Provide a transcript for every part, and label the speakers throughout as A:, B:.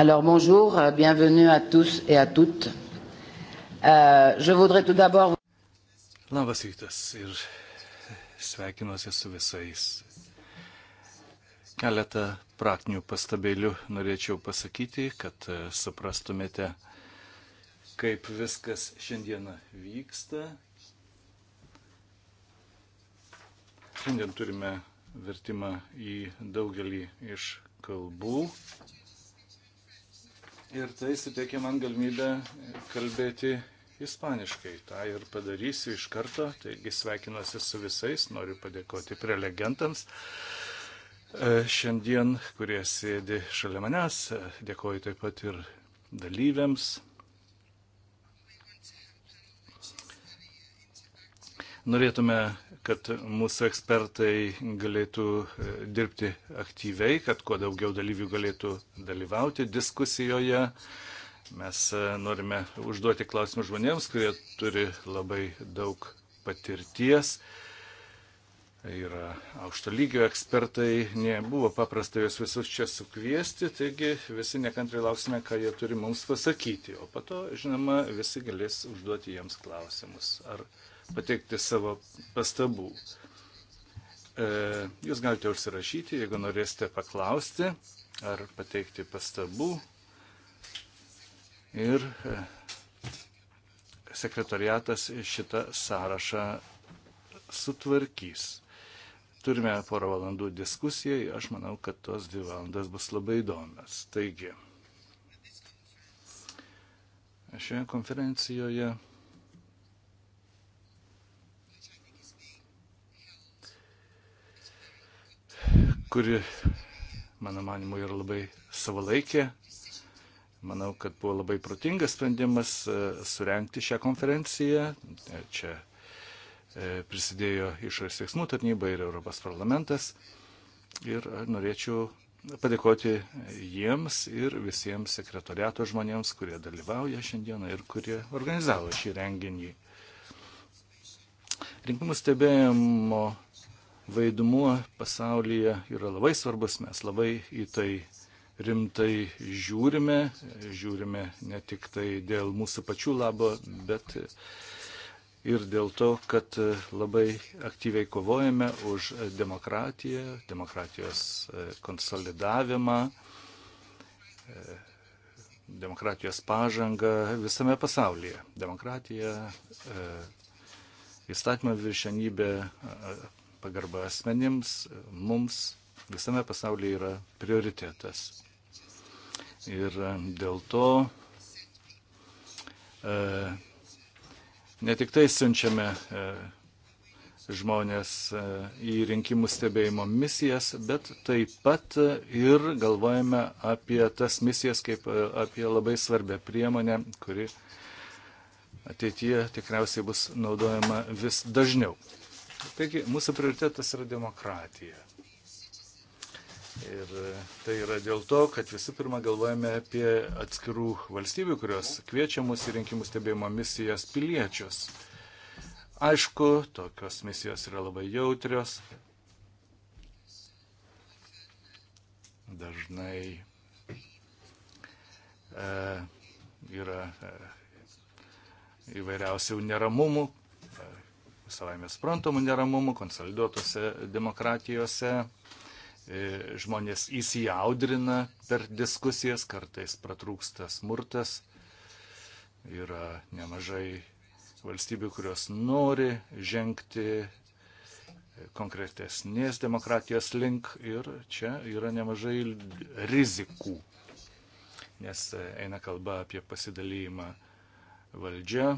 A: Alors bonjour, euh, bienvenue à tous et à toutes. Euh, je voudrais tout
B: d'abord. Labas rytas ir sveikinuosi su visais. Keletą praktinių pastabėlių norėčiau pasakyti, kad e, suprastumėte, kaip viskas šiandieną vyksta. Šiandien turime vertimą į daugelį iš kalbų ir tai suteikia man galimybę kalbėti ispaniškai. Ta ir padarysiu iš karto, taigi sveikinuosi su visais, noriu padėkoti prelegentams. E, šiandien, kurie sėdi šalia manęs, e, dėkoju taip pat ir dalyviams, Norėtume, kad mūsų ekspertai galėtų e, dirbti aktyviai, kad kuo daugiau dalyvių galėtų dalyvauti diskusijoje. Mes e, norime užduoti klausimus žmonėms, kurie turi labai daug patirties. Yra aukšto lygio ekspertai, nebuvo paprasta juos visus čia sukviesti, taigi visi nekantrai lauksime, ką jie turi mums pasakyti, o po to, žinoma, visi galės užduoti jiems klausimus ar pateikti savo pastabų. E, jūs galite užsirašyti, jeigu norėsite paklausti ar pateikti pastabų. Ir e, sekretariatas šitą sąrašą sutvarkys. Turime porą valandų diskusijai, aš manau, kad tos dvi valandas bus labai įdomios. Taigi, šioje konferencijoje kuri, mano manimu, yra labai savalaikė. Manau, kad buvo labai protingas sprendimas e, surenkti šią konferenciją. E, čia e, prisidėjo išorės veiksmų tarnyba ir Europos parlamentas. Ir norėčiau padėkoti jiems ir visiems sekretoriato žmonėms, kurie dalyvauja šiandieną ir kurie organizavo šį renginį. Rinkimų stebėjimo vaidmuo pasaulyje yra labai svarbus, mes labai į tai rimtai žiūrime, žiūrime ne tik tai dėl mūsų pačių labo, bet ir dėl to, kad labai aktyviai kovojame už demokratiją, demokratijos e, konsolidavimą, e, demokratijos pažangą visame pasaulyje. Demokratija, e, įstatymą viršenybę, pagarba asmenims, mums visame pasaulyje yra prioritetas. Ir e, dėl to e, ne tik tai siunčiame e, žmonės e, į rinkimų stebėjimo misijas, bet taip pat e, ir galvojame apie tas misijas kaip e, apie labai svarbę priemonę, kuri ateityje tikriausiai bus naudojama vis dažniau. Taigi, mūsų prioritetas yra demokratija. Ir tai yra dėl to, kad visų pirma galvojame apie atskirų valstybių, kurios kviečia mus į rinkimų stebėjimo misijas piliečius. Aišku, tokios misijos yra labai jautrios. Dažnai e, yra e, įvairiausių neramumų, savaime suprantamų neramumų, konsoliduotose demokratijose. E, žmonės įsijaudrina per diskusijas, kartais pratrūksta smurtas. Yra nemažai valstybių, kurios nori žengti konkretesnės demokratijos link ir čia yra nemažai rizikų, nes eina kalba apie pasidalymą valdžia,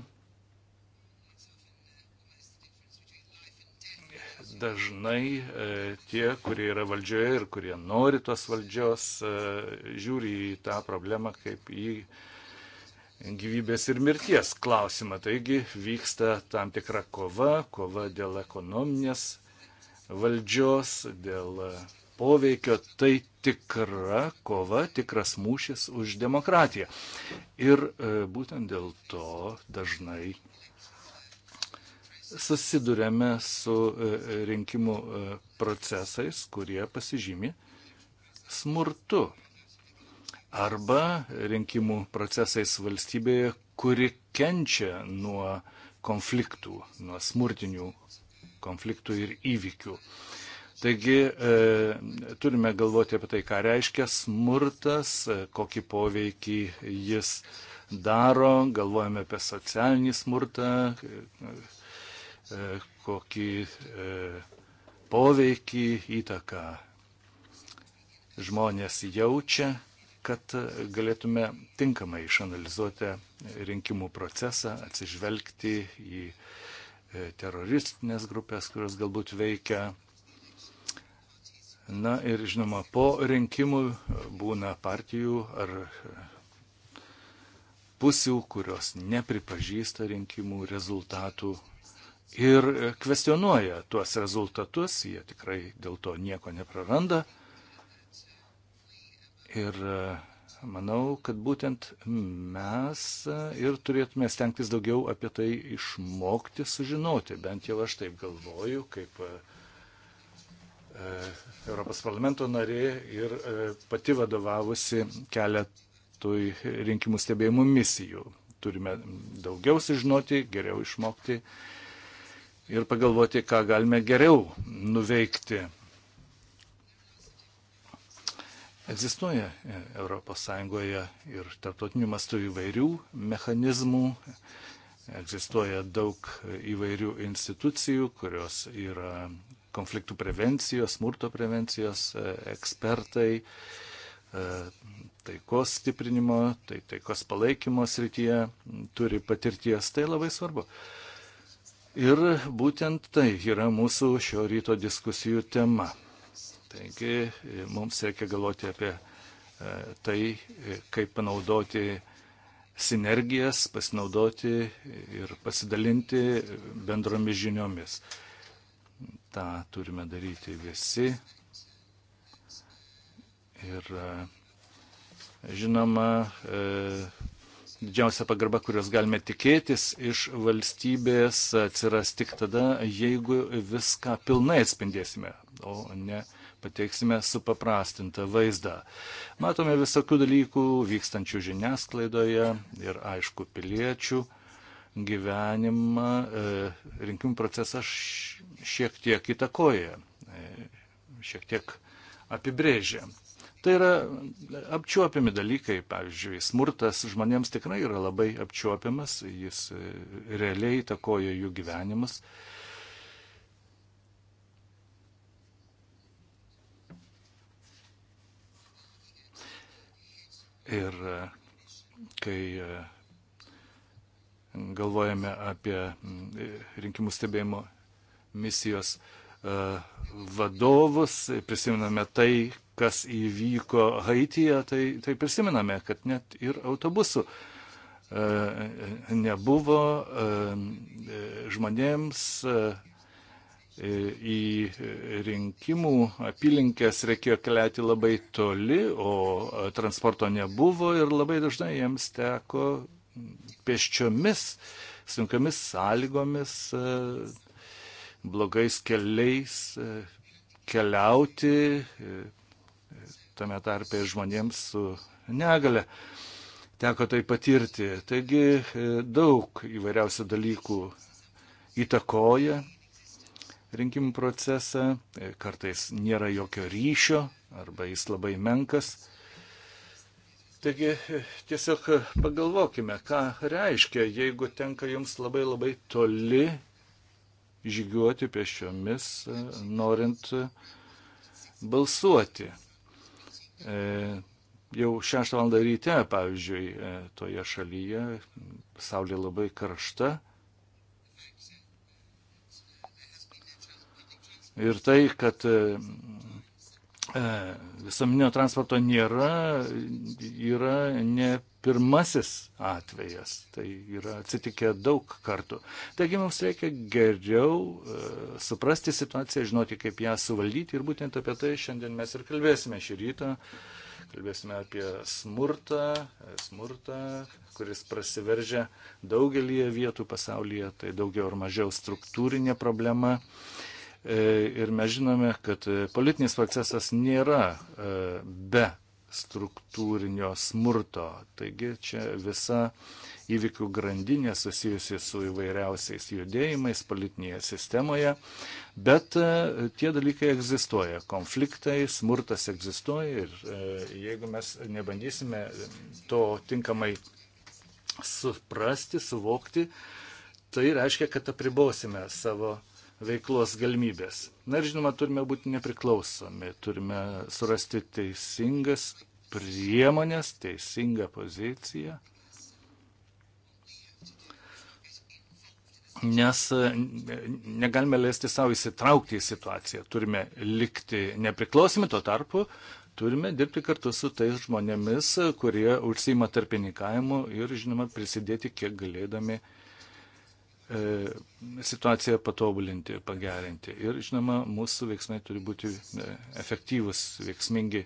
B: dažnai e, tie, kurie yra valdžioje ir kurie nori tos valdžios, e, žiūri į tą problemą kaip į gyvybės ir mirties klausimą. Taigi vyksta tam tikra kova, kova dėl ekonominės valdžios, dėl poveikio, tai tikra kova, tikras mūšis už demokratiją. Ir e, būtent dėl to dažnai susidurėme su e, rinkimų e, procesais, kurie pasižymi smurtu arba rinkimų procesais valstybėje, kuri kenčia nuo konfliktų, nuo smurtinių konfliktų ir įvykių. Taigi e, turime galvoti apie tai, ką reiškia smurtas, e, kokį poveikį jis daro, galvojame apie socialinį smurtą, E, kokį e, poveikį, įtaką žmonės jaučia, kad galėtume tinkamai išanalizuoti rinkimų procesą, atsižvelgti į e, teroristinės grupės, kurios galbūt veikia Na ir žinoma, po rinkimų būna partijų ar pusių, kurios nepripažįsta rinkimų rezultatų ir kvestionuoja tuos rezultatus, jie tikrai dėl to nieko nepraranda. Ir e, manau, kad būtent mes e, ir turėtume stengtis daugiau apie tai išmokti, sužinoti. Bent jau aš taip galvoju, kaip e, Europos parlamento narė ir pati vadovavusi keletui rinkimų stebėjimų misijų. Turime daugiau sužinoti, geriau išmokti ir pagalvoti, ką galime geriau nuveikti. Egzistuoja ES ir tarptautiniu mastu įvairių mechanizmų, egzistuoja daug įvairių institucijų, kurios yra konfliktų prevencijos, smurto prevencijos e, ekspertai, e, taikos stiprinimo, tai taikos palaikymo srityje turi patirties, tai labai svarbu. Ir būtent tai yra mūsų šio ryto diskusijų tema. Taigi e, mums reikia galvoti apie e, tai, e, kaip panaudoti sinergijas, pasinaudoti ir pasidalinti bendromis žiniomis. Ta turime daryti visi. Ir žinoma, didžiausia pagarba, kurios galime tikėtis iš valstybės, atsiras tik tada, jeigu viską pilnai atspindėsime, o ne pateiksime supaprastintą vaizdą. Matome visokių dalykų vykstančių žiniasklaidoje ir aišku piliečių gyvenimą, e, rinkimų procesas šiek tiek įtakoja, e, šiek tiek apibrėžia. Tai yra apčiuopiami dalykai, pavyzdžiui, smurtas žmonėms tikrai yra labai apčiuopiamas, jis e, realiai įtakoja jų gyvenimus. Ir e, kai e, galvojame apie rinkimų stebėjimo misijos E, vadovus, prisiminame tai, kas įvyko Haityje, tai, tai prisiminame, kad net ir autobusų e, nebuvo e, žmonėms į rinkimų apylinkės reikėjo keliauti labai toli, o transporto nebuvo ir labai dažnai jiems teko pėsčiomis, sunkiomis sąlygomis blogais keliais e, keliauti, e, tame tarpe ir žmonėms su negale. Teko tai patirti. Taigi e, daug įvairiausių dalykų įtakoja rinkimų procesą, kartais nėra jokio ryšio arba jis labai menkas. Taigi tiesiog pagalvokime, ką reiškia, jeigu tenka jums labai labai toli žygiuoti pešiomis, e, norint e, balsuoti. E, jau 6 val. ryte, pavyzdžiui, toje šalyje saulė labai karšta. Ir tai, kad visuomeninio transporto nėra, yra ne pirmasis atvejas. Tai yra atsitikę daug kartų. Taigi mums reikia geriau e, suprasti situaciją, žinoti, kaip ją suvaldyti ir būtent apie tai šiandien mes ir kalbėsime šį rytą. Kalbėsime apie smurtą, e, smurtą, kuris prasiveržia daugelį vietų pasaulyje, tai daugiau ar mažiau struktūrinė problema. E, ir mes žinome, kad e, politinis procesas nėra e, be struktūrinio smurto. Taigi čia visa įvykių grandinė susijusi su įvairiausiais judėjimais politinėje sistemoje, bet e, tie dalykai egzistuoja. Konfliktai, smurtas egzistuoja ir e, jeigu mes nebandysime to tinkamai suprasti, suvokti, tai reiškia, kad apribosime savo veiklos galimybės. Na ir žinoma, turime būti nepriklausomi, turime surasti teisingas priemonės, teisingą poziciją. Nes e, negalime leisti savo įsitraukti į situaciją, turime likti nepriklausomi, tuo tarpu turime dirbti kartu su tais žmonėmis, kurie užsima tarpininkavimu ir, žinoma, prisidėti kiek galėdami uh, E, situaciją patobulinti, pagerinti. Ir, žinoma, mūsų veiksmai turi būti e, efektyvus, veiksmingi.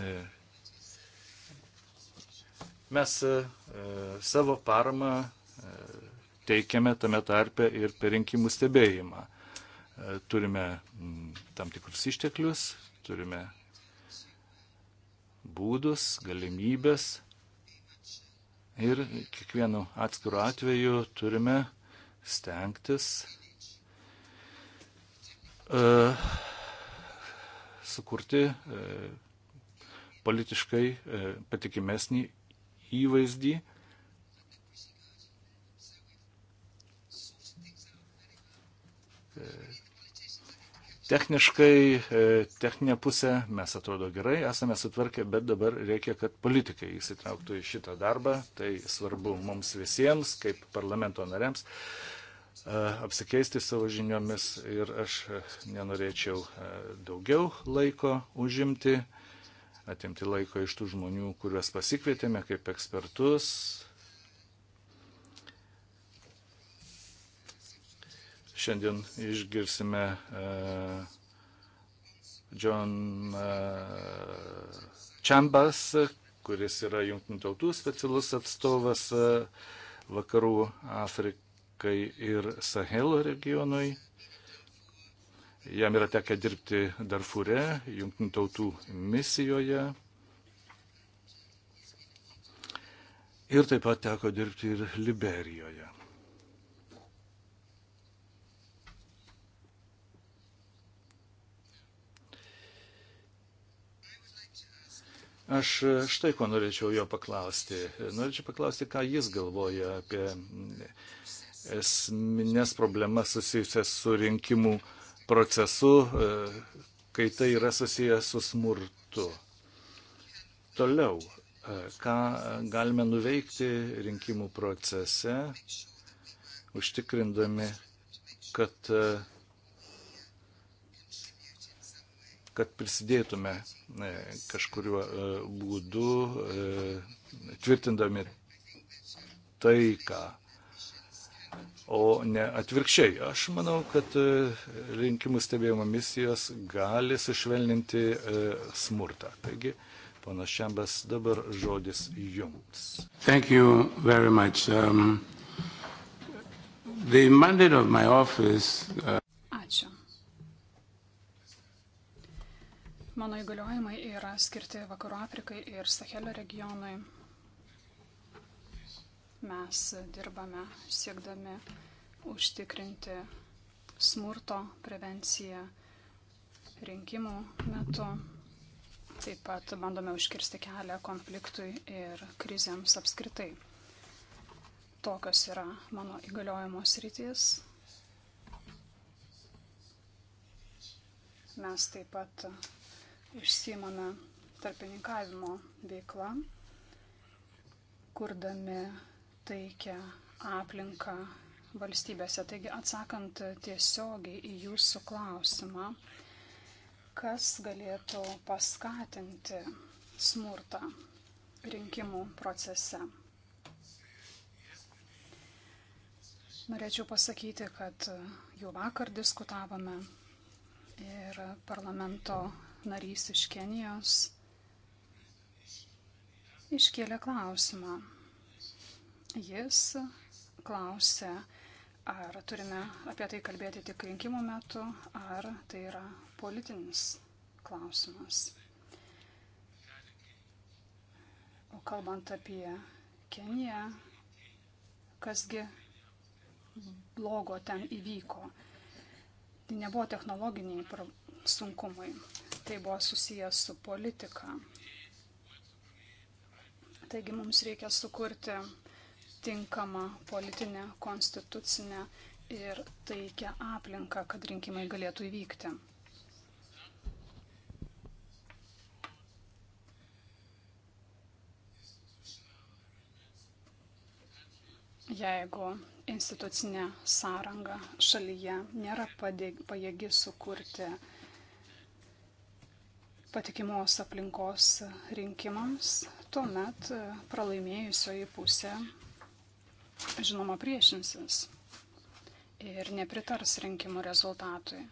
B: E, mes savo paramą teikiame tame tarpe ir per rinkimų stebėjimą. Turime tam tikrus išteklius, turime būdus, galimybės ir kiekvienu atskiru atveju turime stengtis e, sukurti e, politiškai e, patikimesnį įvaizdį Techniškai, e, techninė pusė mes atrodo gerai, esame sutvarkę, bet dabar reikia, kad politikai įsitrauktų į šitą darbą. Tai svarbu mums visiems, kaip parlamento nariams, e, apsikeisti savo žiniomis ir aš nenorėčiau e, daugiau laiko užimti, atimti laiko iš tų žmonių, kuriuos pasikvietėme kaip ekspertus, Šiandien išgirsime e, John e, Chambers, kuris yra jungtinių tautų specialus atstovas e, vakarų Afrikai ir Sahelo regionui. Jam yra tekę dirbti Darfūre, jungtinių tautų misijoje. Ir taip pat teko dirbti ir Liberijoje. Aš e, štai ko norėčiau jo paklausti. Norėčiau paklausti, ką jis galvoja apie mm, esminės problemas susijusias su rinkimų procesu, e, kai tai yra susijęs su smurtu. Toliau, e, ką galime nuveikti rinkimų procese, užtikrindami, kad kad prisidėtume e, kažkuriuo e, būdu, e, tvirtindami taiką, o ne atvirkščiai. Aš manau, kad rinkimų stebėjimo misijos gali sušvelninti smurtą. Taigi, ponas Šembas, dabar žodis jums. Um, of office, uh... Ačiū.
C: Mano įgaliojimai yra skirti Vakarų Afrikai ir Sahelio regionui. Mes dirbame siekdami užtikrinti smurto prevenciją rinkimų metu. Taip pat bandome užkirsti kelią konfliktui ir krizėms apskritai. Tokios yra mano įgaliojimos rytis. Mes taip pat išsimame tarpininkavimo veiklą, kurdami taikę aplinką valstybėse. Taigi atsakant tiesiogiai į jūsų klausimą, kas galėtų paskatinti smurtą rinkimų procese. Norėčiau pasakyti, kad jau vakar diskutavome ir parlamento narys iš Kenijos iškėlė klausimą. Jis klausė, ar turime apie tai kalbėti tik rinkimų metu, ar tai yra politinis klausimas. O kalbant apie Keniją, kasgi blogo ten įvyko. Tai nebuvo technologiniai sunkumai tai buvo susijęs su politika. Taigi mums reikia sukurti tinkamą politinę, konstitucinę ir taikę aplinką, kad rinkimai galėtų įvykti. jeigu institucinė sąranga šalyje nėra pajėgi sukurti patikimos aplinkos rinkimams, tuomet e, pralaimėjusioji pusė žinoma priešinsis ir nepritars rinkimų rezultatui.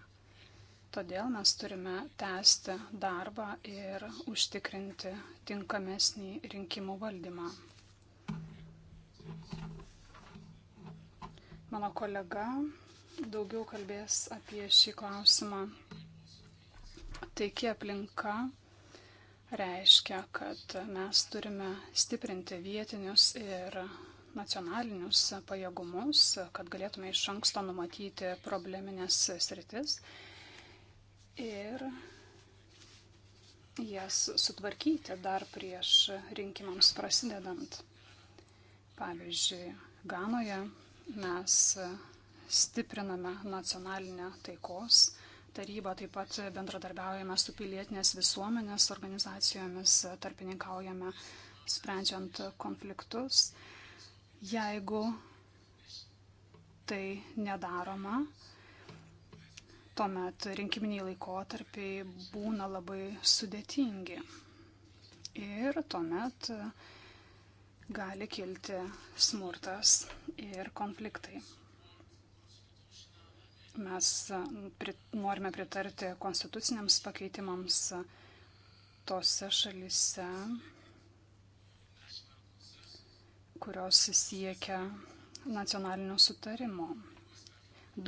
C: Todėl mes turime tęsti darbą ir užtikrinti tinkamesnį rinkimų valdymą. Mano kolega daugiau kalbės apie šį klausimą Taiki aplinka reiškia, kad mes turime stiprinti vietinius ir nacionalinius pajėgumus, kad galėtume iš anksto numatyti probleminės sritis ir jas sutvarkyti dar prieš rinkimams prasidedant. Pavyzdžiui, Ganoje mes stipriname nacionalinę taikos taryba, taip pat bendradarbiaujame su pilietinės visuomenės organizacijomis, tarpininkaujame sprendžiant konfliktus. Jeigu tai nedaroma, tuomet rinkiminiai laikotarpiai būna labai sudėtingi. Ir tuomet gali kilti smurtas ir konfliktai. Mes norime pritarti konstituciniams pakeitimams tose šalise, kurios siekia nacionalinio sutarimo.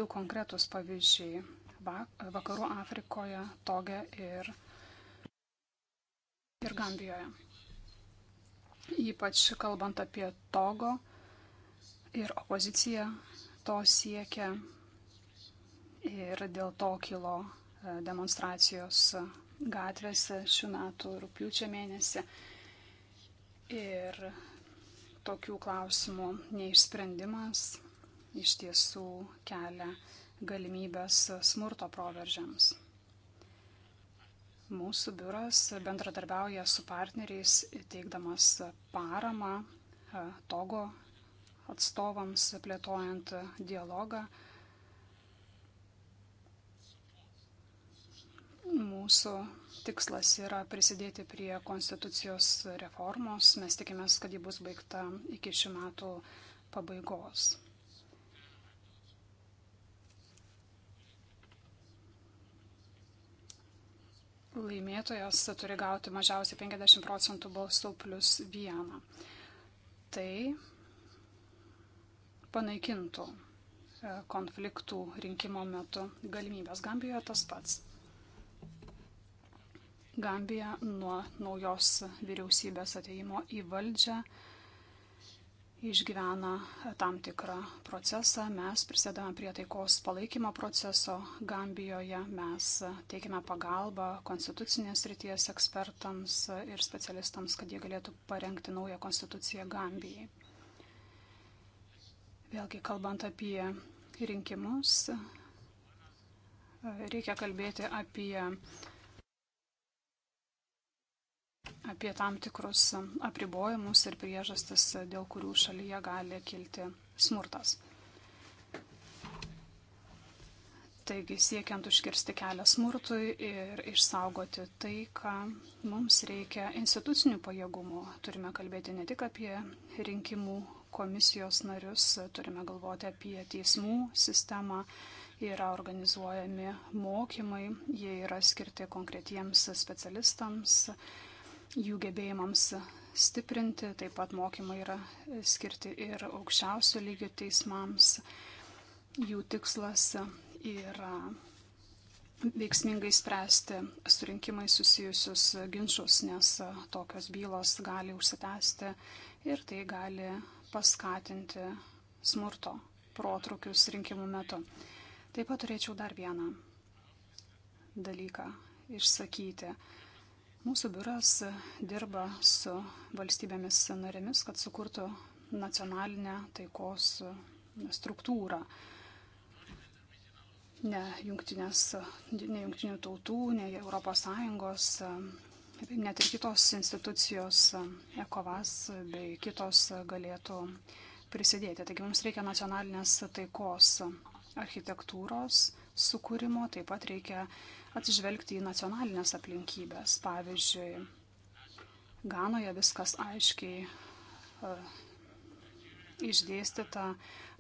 C: Du konkretus pavyzdžiai - Vakarų Afrikoje, Toge ir, ir Gambijoje. Ypač kalbant apie Togo ir opoziciją, to siekia ir dėl to kilo e, demonstracijos gatvėse šių metų rūpiučio mėnesį. Ir tokių klausimų neišsprendimas iš tiesų kelia galimybės smurto proveržiams. Mūsų biuras bendradarbiauja su partneriais, teikdamas paramą e, Togo atstovams, plėtojant dialogą Mūsų tikslas yra prisidėti prie konstitucijos reformos. Mes tikimės, kad ji bus baigta iki šių metų pabaigos. Laimėtojas turi gauti mažiausiai 50 procentų balsų plus vieną. Tai panaikintų e, konfliktų rinkimo metu galimybės. Gambijoje tas pats. Gambija nuo naujos vyriausybės ateimo į valdžią išgyvena tam tikrą procesą. Mes prisėdame prie taikos palaikymo proceso Gambijoje, mes teikiame pagalbą konstitucinės ryties ekspertams ir specialistams, kad jie galėtų parengti naują konstituciją Gambijai. Vėlgi, kalbant apie rinkimus, reikia kalbėti apie apie tam tikrus apribojimus ir priežastis, dėl kurių šalyje gali kilti smurtas. Taigi siekiant užkirsti kelią smurtui ir išsaugoti tai, ką mums reikia institucinių pajėgumų, turime kalbėti ne tik apie rinkimų komisijos narius, turime galvoti apie teismų sistemą, yra organizuojami mokymai, jie yra skirti konkretiems specialistams, jų gebėjimams stiprinti. Taip pat mokymai yra skirti ir aukščiausio lygio teismams. Jų tikslas yra veiksmingai spręsti surinkimai susijusius ginčius, nes tokios bylos gali užsitęsti ir tai gali paskatinti smurto protrukius rinkimų metu. Taip pat turėčiau dar vieną dalyką išsakyti. Mūsų biuras dirba su valstybėmis narėmis, kad sukurtų nacionalinę taikos struktūrą. Ne, jungtinės, ne jungtinių tautų, ne ES, net ir kitos institucijos, ECOVAS bei kitos galėtų prisidėti. Taigi mums reikia nacionalinės taikos architektūros sukūrimo, taip pat reikia uh, atsižvelgti į nacionalinės aplinkybės. Pavyzdžiui, Ganoje viskas aiškiai e, išdėstyta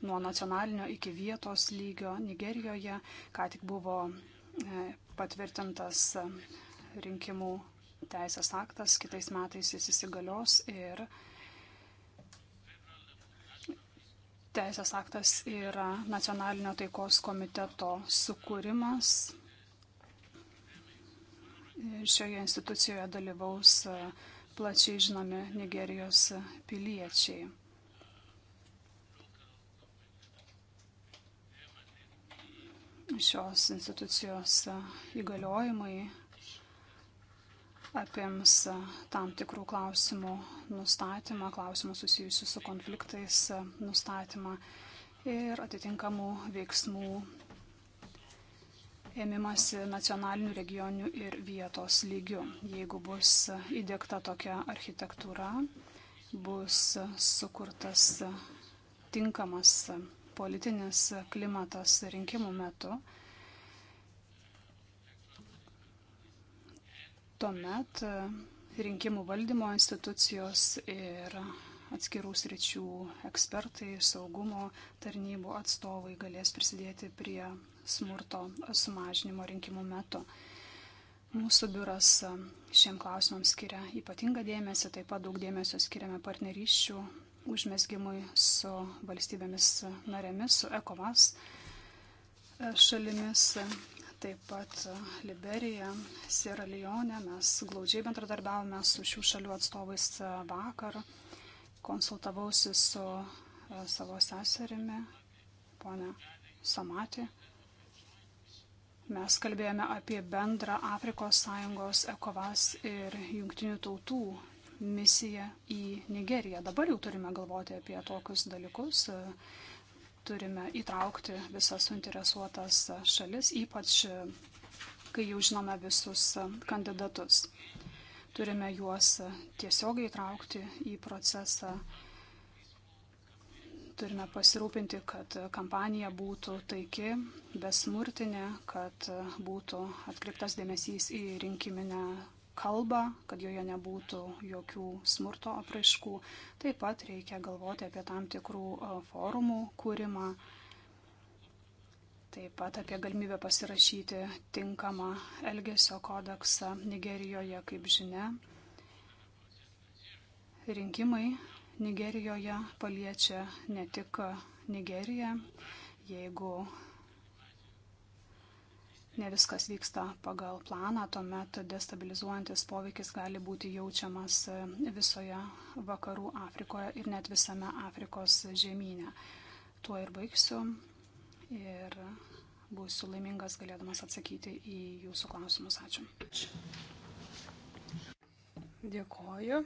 C: nuo nacionalinio iki vietos lygio. Nigerijoje ką tik buvo e, patvirtintas e, rinkimų teisės aktas, kitais metais jis įsigalios ir teisės aktas yra nacionalinio taikos komiteto sukūrimas šioje institucijoje dalyvaus e, plačiai žinomi Nigerijos piliečiai. Šios institucijos e, įgaliojimai apims e, tam tikrų klausimų nustatymą, klausimų susijusių su konfliktais nustatymą ir atitinkamų veiksmų ėmimasi nacionalinių, regioninių ir vietos lygių. Jeigu bus įdėkta tokia architektūra, bus sukurtas tinkamas politinis klimatas rinkimų metu, tuomet rinkimų valdymo institucijos ir atskirų sričių ekspertai, saugumo tarnybų atstovai galės prisidėti prie smurto sumažinimo rinkimų metu. Mūsų biuras šiem klausimam skiria ypatingą dėmesį, taip pat daug dėmesio skiriame partnerysčių užmėsgymui su valstybėmis narėmis, su ECOVAS šalimis, taip pat Liberija, Sierra Leone. Mes glaudžiai bendradarbiavome su šių šalių atstovais vakar, konsultavausi su savo seserimi, ponia Samati. Mes kalbėjome apie bendrą Afrikos Sąjungos ECOVAS ir jungtinių tautų misiją į Nigeriją. Dabar jau turime galvoti apie tokius dalykus. Turime įtraukti visas suinteresuotas šalis, ypač kai jau žinome visus kandidatus. Turime juos tiesiogiai įtraukti į procesą Turime pasirūpinti, kad kampanija būtų taiki, besmurtinė, kad būtų atkriptas dėmesys į rinkiminę kalbą, kad joje nebūtų jokių smurto apraiškų. Taip pat reikia galvoti apie tam tikrų e, forumų kūrimą, taip pat apie galimybę pasirašyti tinkamą elgesio kodeksą Nigerijoje, kaip žinia. Rinkimai Nigerijoje paliečia ne tik Nigeriją, jeigu ne viskas vyksta pagal planą, tuomet destabilizuojantis poveikis gali būti jaučiamas visoje vakarų Afrikoje ir net visame Afrikos žemynė. Tuo ir baigsiu ir būsiu laimingas galėdamas atsakyti į jūsų klausimus. Ačiū. Dėkoju.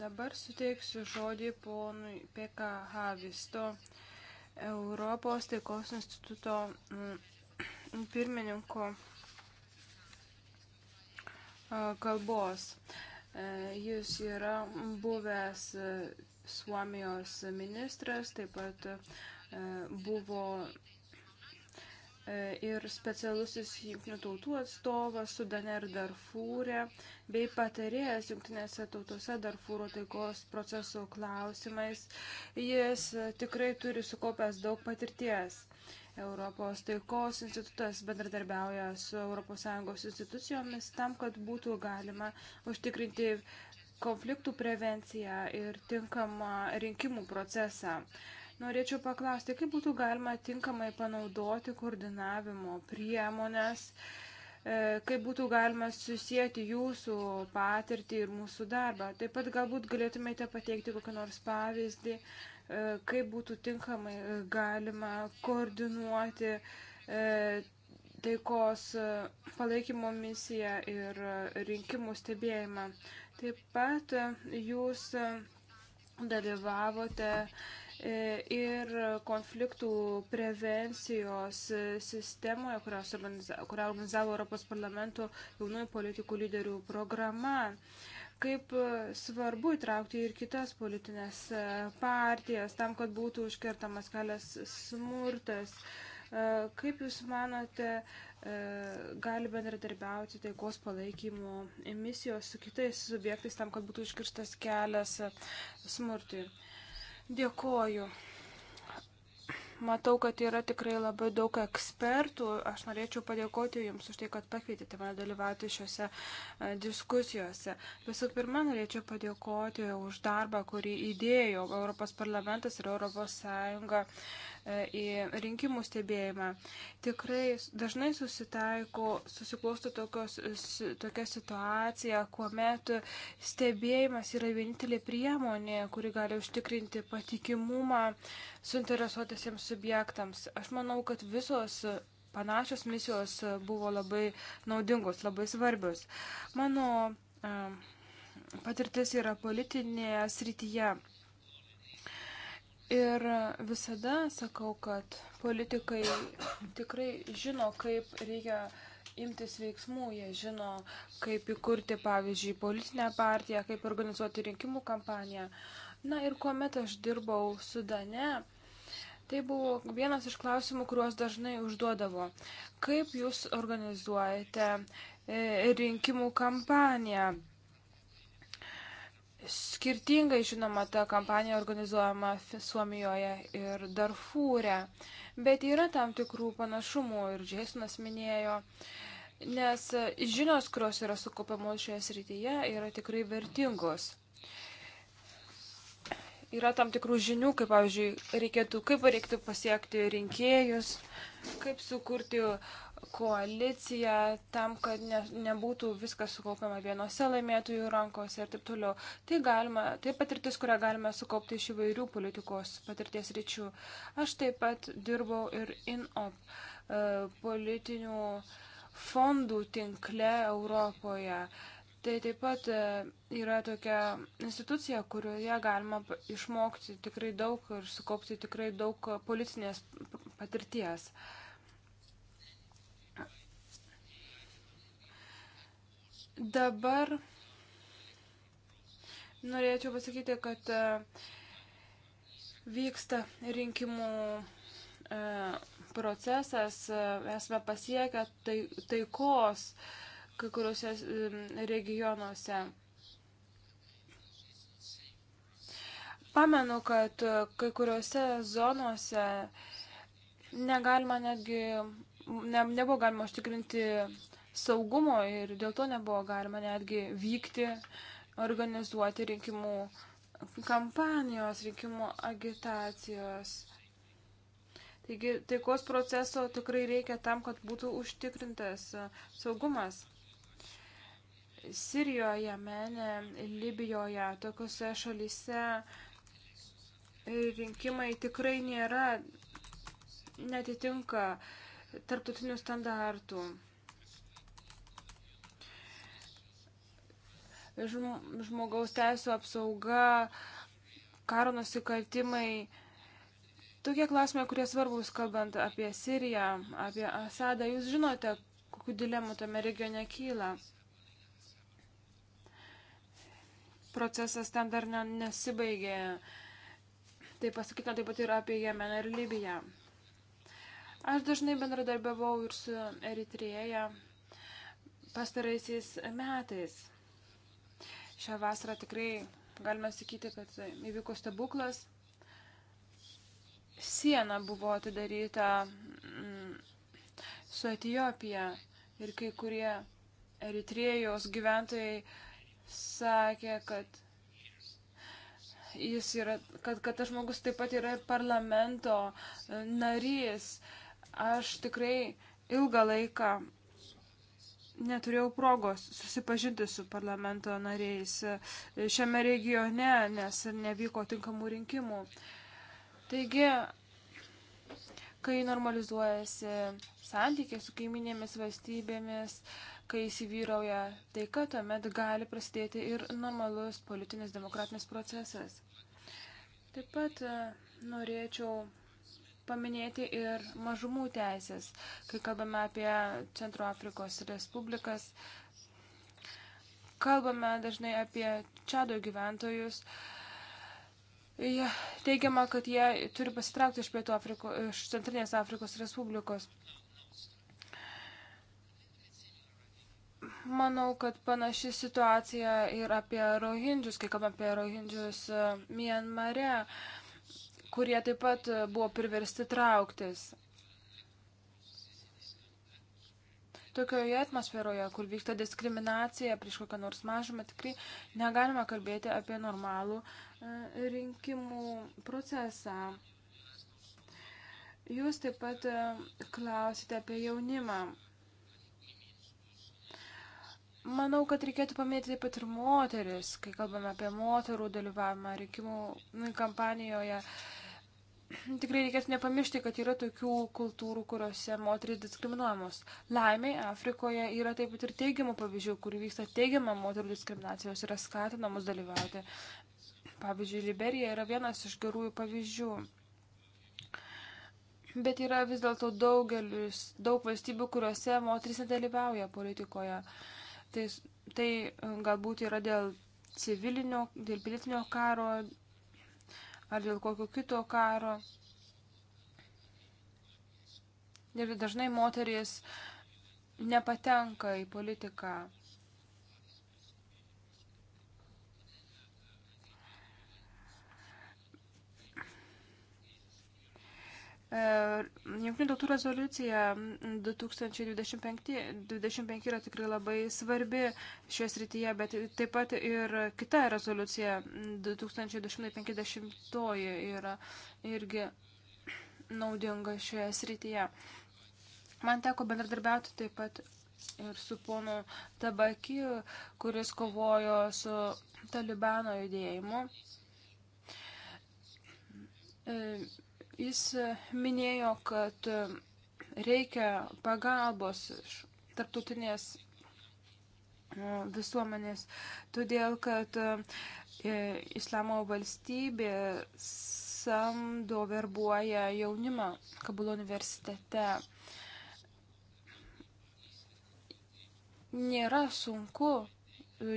A: Dabar suteiksiu žodį ponui PKH Visto, Europos taikos instituto mm, pirmininko kalbos. E, jis yra buvęs e, Suomijos ministras, taip pat e, buvo E, ir specialusis jungtinių tautų atstovas Sudane ir Darfūre, bei patarėjas jungtinėse tautose Darfūro taikos proceso klausimais. Jis tikrai turi sukopęs daug patirties. Europos taikos institutas bendradarbiauja su ES institucijomis tam, kad būtų galima užtikrinti konfliktų prevenciją ir tinkamą rinkimų procesą. Norėčiau paklausti, kaip būtų galima tinkamai panaudoti koordinavimo priemonės, e, kaip būtų galima susijęti jūsų patirtį ir mūsų darbą. Taip pat galbūt galėtumėte pateikti kokį nors pavyzdį, e, kaip būtų tinkamai e, galima koordinuoti taikos palaikymo misiją ir rinkimų stebėjimą. Taip pat jūs dalyvavote E, ir konfliktų prevencijos sistemoje, kurią organizavo Europos parlamento jaunųjų politikų lyderių programa. Kaip svarbu įtraukti ir kitas politinės partijas tam, kad būtų užkertamas kelias smurtas. E, kaip Jūs manote, e, gali bendradarbiauti taikos palaikymo misijos su kitais subjektais tam, kad būtų užkirstas kelias smurtui? Dėkoju. Matau, kad yra tikrai labai daug ekspertų. Aš norėčiau padėkoti Jums už tai, kad pakvietėte mane dalyvauti šiuose e, diskusijose. Visų pirma, norėčiau padėkoti už darbą, kurį įdėjo Europos parlamentas ir Europos Sąjunga e, į rinkimų stebėjimą. Tikrai dažnai susitaiko, susiklosto tokios, tokia situacija, kuomet stebėjimas yra vienintelė priemonė, kuri gali užtikrinti patikimumą suinteresuotisiems subjektams. Aš manau, kad visos panašios misijos buvo labai naudingos, labai svarbios. Mano patirtis yra politinėje srityje. Ir visada sakau, kad politikai tikrai žino, kaip reikia imtis veiksmų, jie žino, kaip įkurti, pavyzdžiui, politinę partiją, kaip organizuoti rinkimų kampaniją. Na ir kuomet aš dirbau Sudane, Tai buvo vienas iš klausimų, kuriuos dažnai užduodavo. Kaip jūs organizuojate e, rinkimų kampaniją? Skirtingai, žinoma, ta kampanija organizuojama Suomijoje ir Darfūre, bet yra tam tikrų panašumų ir Džesonas minėjo, nes žinios, kurios yra sukaupiamos šioje srityje, yra tikrai vertingos yra tam tikrų žinių, kaip, pavyzdžiui, reikėtų, kaip reikėtų pasiekti rinkėjus, kaip sukurti koaliciją tam, kad ne, nebūtų viskas sukaupiama vienose laimėtųjų rankose ir taip toliau. Tai, galima, tai patirtis, kurią galime sukaupti iš įvairių politikos patirties ryčių. Aš taip pat dirbau ir INOP e, politinių fondų tinkle Europoje. Tai taip pat e, yra tokia institucija, kurioje galima išmokti tikrai daug ir sukaupti tikrai daug policinės patirties. Dabar norėčiau pasakyti, kad e, vyksta rinkimų e, procesas, esame pasiekę tai-, taikos. Tai kai kuriuose regionuose. Pamenu, kad e, kai kuriuose zonuose negalima netgi, ne, nebuvo galima užtikrinti saugumo ir dėl to nebuvo galima netgi vykti, organizuoti rinkimų kampanijos, rinkimų agitacijos. Taigi taikos proceso tikrai reikia tam, kad būtų užtikrintas e, saugumas. Sirijoje, Mene, Libijoje, tokiuose šalyse e, rinkimai tikrai nėra, netitinka tarptautinių standartų. Žmogaus teisų apsauga, karo nusikaltimai. Tokie klausimai, kurie svarbus, kalbant apie Siriją, apie Asadą, jūs žinote, kokiu dilemu tame regione kyla. procesas ten dar ne, nesibaigė. Tai pasakytina taip pat ir apie Jemeną ir Libiją. Aš dažnai bendradarbiavau ir su Eritrėja pastaraisiais metais. Šią vasarą tikrai galima sakyti, kad įvyko stebuklas. Siena buvo atidaryta mm, su Etijopija ir kai kurie Eritrėjos gyventojai sakė, kad jis yra, kad, kad tas žmogus taip pat yra ir parlamento e, narys. Aš tikrai ilgą laiką neturėjau progos susipažinti su parlamento nariais e, šiame regione, nes nevyko tinkamų rinkimų. Taigi, kai normalizuojasi santykiai su kaiminėmis valstybėmis, kai įsivyrauja taika, tuomet gali prasidėti ir normalus politinis demokratinis procesas. Taip pat e, norėčiau paminėti ir mažumų teisės, kai kalbame apie Centro Afrikos Respublikas. Kalbame dažnai apie čado gyventojus. Ja, teigiama, kad jie turi pasitraukti iš, Pietų Afriko, iš Centrinės Afrikos Respublikos. manau, kad panaši situacija ir apie rohindžius, kai kalbame apie rohindžius e, Mienmare, kurie taip pat e, buvo priversti trauktis. Tokioje atmosferoje, kur vyksta diskriminacija prieš kokią nors mažumą, tikrai negalima kalbėti apie normalų e, rinkimų procesą. Jūs taip pat klausite apie jaunimą. Manau, kad reikėtų paminėti taip pat ir moteris, kai kalbame apie moterų dalyvavimą rinkimų nu, kampanijoje. Tikrai reikėtų nepamiršti, kad yra tokių kultūrų, kuriuose moteris diskriminuojamos. Laimiai, Afrikoje yra taip pat ir teigiamų pavyzdžių, kur vyksta teigiama moterų diskriminacijos, yra skatinamos dalyvauti. Pavyzdžiui, Liberija yra vienas iš gerųjų pavyzdžių. Bet yra vis dėlto daugelis, daug valstybių, kuriuose moteris nedalyvauja politikoje. Uh, Tai, tai e, galbūt yra dėl civilinio, dėl pilietinio karo ar dėl kokio kito karo. Ir dažnai moteris nepatenka į politiką. E, Junktinių tautų rezoliucija 2025, 2025 yra tikrai labai svarbi šioje srityje, bet taip pat ir kita rezoliucija 2250 yra irgi naudinga šioje srityje. Man teko bendradarbiauti taip pat ir su ponu Tabaki, kuris kovojo su Talibano judėjimu. E, Jis e, minėjo, kad e, reikia pagalbos iš tarptautinės e, visuomenės, todėl kad islamo valstybė samdo verbuoja jaunimą Kabulo universitete. Nėra sunku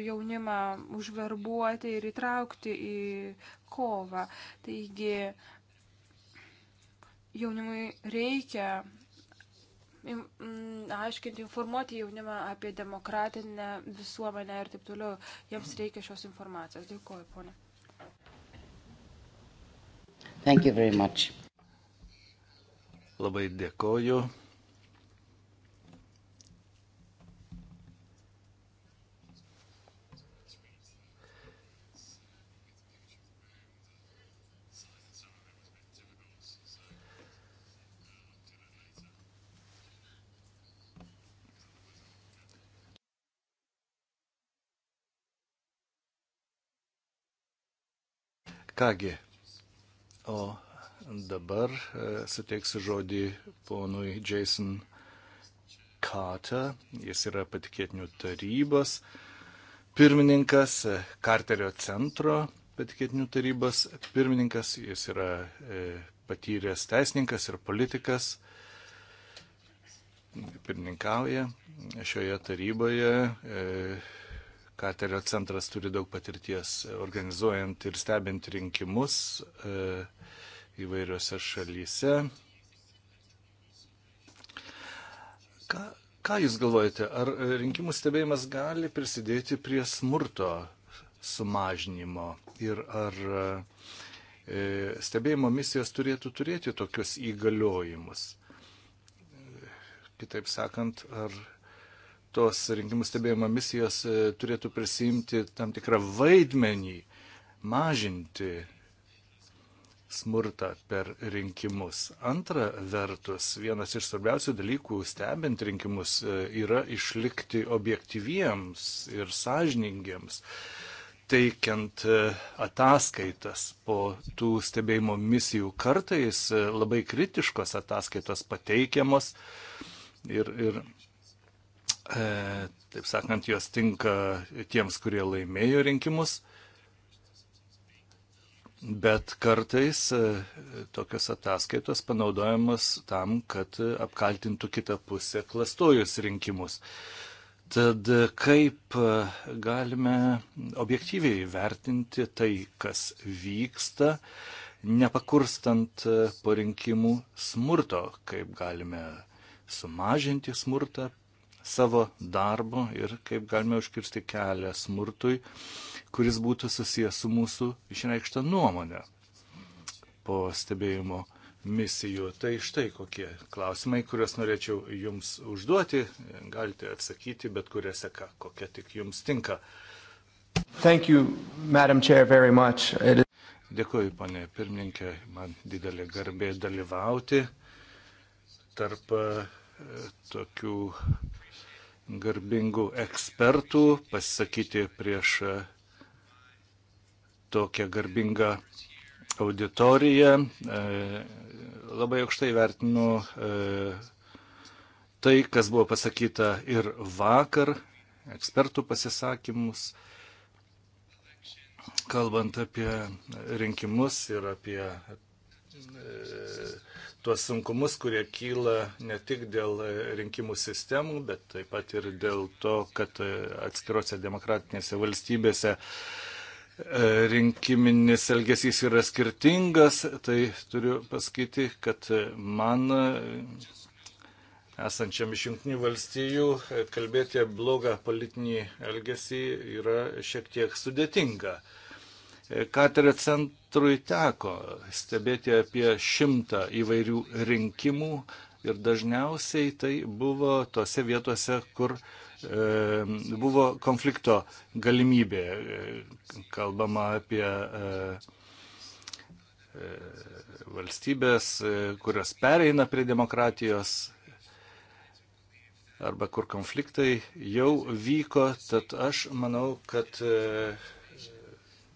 A: jaunimą užverbuoti ir įtraukti į kovą. Taigi jaunimui reikia mm, aiškinti, informuoti jaunimą apie demokratinę visuomenę ir taip toliau. Jiems reikia šios informacijos. Dėkuoju, ponė.
B: Labai dėkoju. Kągi, o dabar e, suteiksiu žodį ponui Jason Carter. Jis yra patikėtinių tarybos pirmininkas, Karterio e, centro patikėtinių tarybos pirmininkas. Jis yra e, patyręs teisininkas ir politikas pirmininkauja šioje taryboje. E, Katerio centras turi daug patirties e, organizuojant ir stebint rinkimus e, įvairiose šalyse. Ką, ką Jūs galvojate, ar e, rinkimų stebėjimas gali prisidėti prie smurto sumažinimo ir ar stebėjimo misijos turėtų turėti tokius įgaliojimus? Kitaip sakant, ar tos rinkimų stebėjimo misijos e, turėtų prisimti tam tikrą vaidmenį, mažinti smurtą per rinkimus. Antra vertus, vienas iš svarbiausių dalykų stebint rinkimus e, yra išlikti objektyviems ir sąžiningiems, teikiant e, ataskaitas po tų stebėjimo misijų. Kartais labai kritiškos ataskaitos pateikiamos ir, ir E, taip sakant, jos tinka tiems, kurie laimėjo rinkimus, bet kartais e, tokios ataskaitos panaudojamos tam, kad apkaltintų kitą pusę klastojus rinkimus. Tad kaip e, galime objektyviai vertinti tai, kas vyksta, nepakurstant po rinkimų smurto, kaip galime sumažinti smurtą savo darbu ir kaip galime užkirsti kelią smurtui, kuris būtų susijęs su mūsų išreikšta nuomonė po stebėjimo misijų. Tai štai kokie klausimai, kuriuos norėčiau jums užduoti. Galite atsakyti bet kurią seką, kokia tik jums tinka. Thank you,
C: Madam Chair, very much. It is...
B: Dėkuoju, ponė pirmininkė, man didelė garbė dalyvauti tarp e, tokių garbingų ekspertų pasisakyti prieš e, tokią garbingą auditoriją. E, labai aukštai vertinu e, tai, kas buvo pasakyta ir vakar, ekspertų pasisakymus, kalbant apie rinkimus ir apie E, tuos sunkumus, kurie kyla ne tik dėl e, rinkimų sistemų, bet taip pat ir dėl to, kad e, atskirose demokratinėse valstybėse rinkiminis elgesys yra skirtingas, tai turiu pasakyti, kad man esančiam iš jungtinių valstijų kalbėti blogą politinį elgesį yra šiek tiek sudėtinga. Katerio centrui teko stebėti apie šimtą įvairių rinkimų ir dažniausiai tai buvo tose vietose, kur e, buvo konflikto galimybė. E, kalbama apie e, e valstybės, e, kurios pereina prie demokratijos arba kur konfliktai jau vyko, tad aš manau, kad e,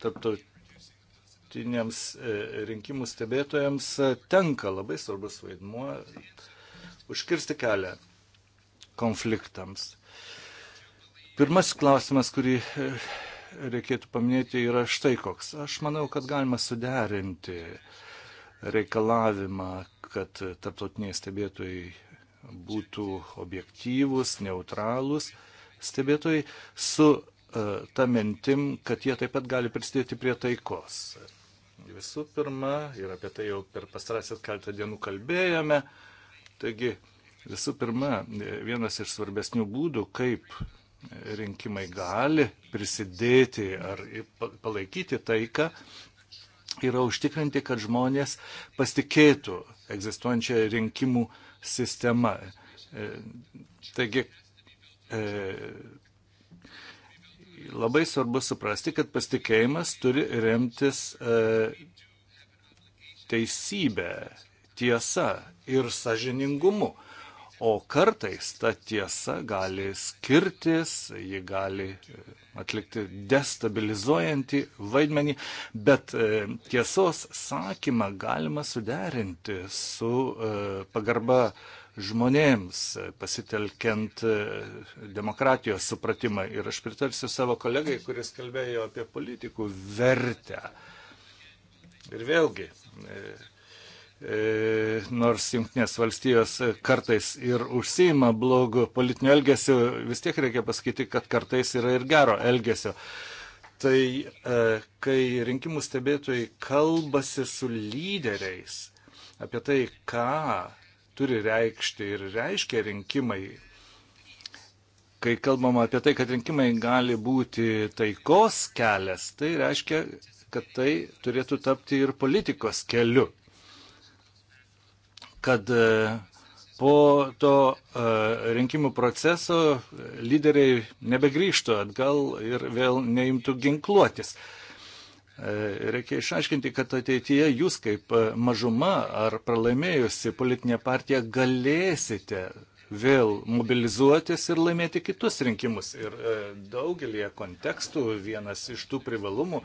B: tarptautiniams e, rinkimų stebėtojams e, tenka labai svarbus vaidmuo užkirsti kelią konfliktams. Pirmasis klausimas, kurį e, reikėtų paminėti, yra štai koks. Aš manau, kad galima suderinti reikalavimą, kad tarptautiniai stebėtojai būtų objektyvus, neutralus stebėtojai su E, tą mintim, kad jie taip pat gali prisidėti prie taikos. Visų pirma, ir apie tai jau per pastarąsias keletą dienų kalbėjome, taigi visų pirma, vienas iš svarbesnių būdų, kaip rinkimai gali prisidėti ar palaikyti taiką, yra užtikrinti, kad žmonės pasitikėtų egzistuojančią rinkimų sistemą. E, taigi, e, labai svarbu suprasti, kad pasitikėjimas turi remtis e, teisybė, tiesa ir sažiningumu. O kartais ta tiesa gali skirtis, ji gali e, atlikti destabilizuojantį vaidmenį, bet e, tiesos sakymą galima suderinti su e, pagarba žmonėms, pasitelkiant e, demokratijos supratimą. Ir aš pritarsiu savo kolegai, kuris kalbėjo apie politikų vertę. Ir vėlgi, e, e, nors Junktinės valstijos kartais ir užsima blogu politiniu elgesiu, vis tiek reikia pasakyti, kad kartais yra ir gero elgesio. Tai kai rinkimų stebėtojai kalbasi su lyderiais apie tai, ką turi reikšti ir reiškia rinkimai. Kai kalbama apie tai, kad rinkimai gali būti taikos kelias, tai reiškia, kad tai turėtų tapti ir politikos keliu. Kad e, po to e, rinkimų proceso lyderiai nebegrįžtų atgal ir vėl neimtų ginkluotis. E, reikia išaiškinti, kad ateityje jūs kaip e, mažuma ar pralaimėjusi politinė partija galėsite vėl mobilizuotis ir laimėti kitus rinkimus. Ir e, daugelie kontekstų vienas iš tų privalumų,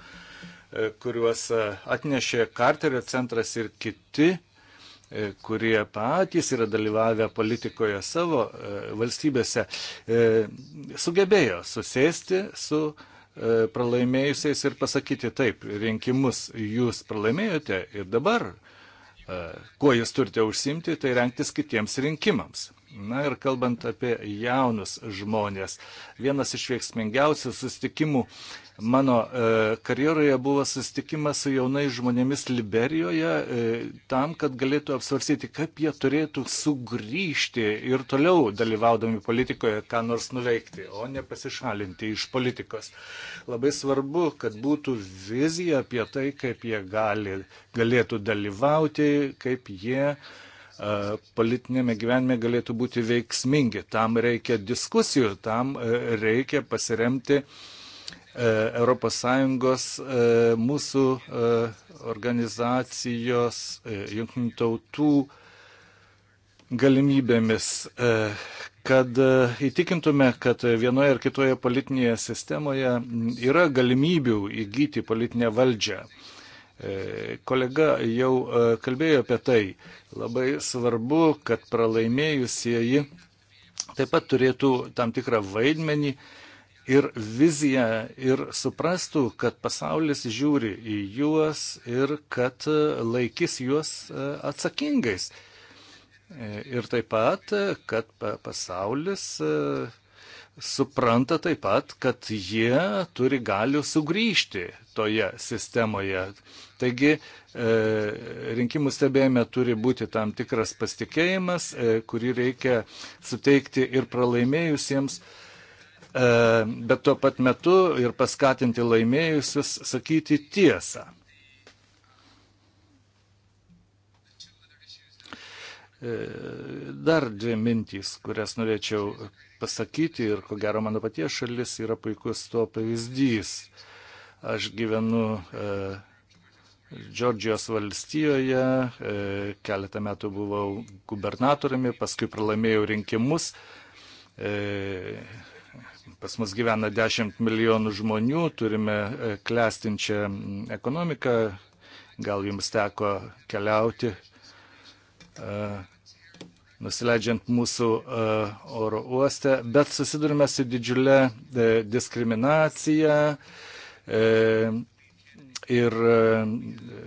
B: kuriuos atnešė Karterio centras ir kiti kurie patys yra dalyvavę politikoje savo valstybėse, sugebėjo susėsti su uh, E, pralaimėjusiais ir pasakyti taip, rinkimus jūs pralaimėjote ir dabar, e, kuo jūs turite užsimti, tai renktis kitiems rinkimams. Na ir kalbant apie jaunus žmonės, vienas iš veiksmingiausių sustikimų mano e, karjeroje buvo sustikimas su jaunais žmonėmis Liberijoje e, tam, kad galėtų apsvarsyti, kaip jie turėtų sugrįžti ir toliau dalyvaudami politikoje ką nors nuveikti, o ne pasišalinti iš politikos. Labai svarbu, kad būtų vizija apie tai, kaip jie gali, galėtų dalyvauti, kaip jie politinėme gyvenime galėtų būti veiksmingi. Tam reikia diskusijų, tam e, reikia pasiremti ES e, mūsų e, organizacijos jungtinių tautų galimybėmis, kad įtikintume, kad vienoje ar kitoje politinėje sistemoje yra galimybių įgyti politinę valdžią. E, kolega jau e, kalbėjo apie tai. Labai svarbu, kad pralaimėjusieji taip pat turėtų tam tikrą vaidmenį ir viziją ir suprastų, kad pasaulis žiūri į juos ir kad e, laikys juos atsakingais. Ir taip pat, kad pasaulis supranta taip pat, kad jie turi galių sugrįžti toje sistemoje. Taigi e, rinkimų stebėjime turi būti tam tikras pasitikėjimas, e, kurį reikia suteikti ir pralaimėjusiems e, bet tuo pat metu ir paskatinti laimėjusius sakyti tiesą. Dar dvi mintys, kurias norėčiau pasakyti ir ko gero mano paties šalis yra puikus to pavyzdys. Aš gyvenu e, Džordžijos valstijoje, e, keletą metų buvau gubernatoriumi, paskui pralaimėjau rinkimus. E, pas mus gyvena 10 milijonų žmonių, turime e, klestinčią ekonomiką, gal jums teko keliauti. E, nusileidžiant mūsų e, oro uoste, bet susidurime su didžiulė e, diskriminacija e, ir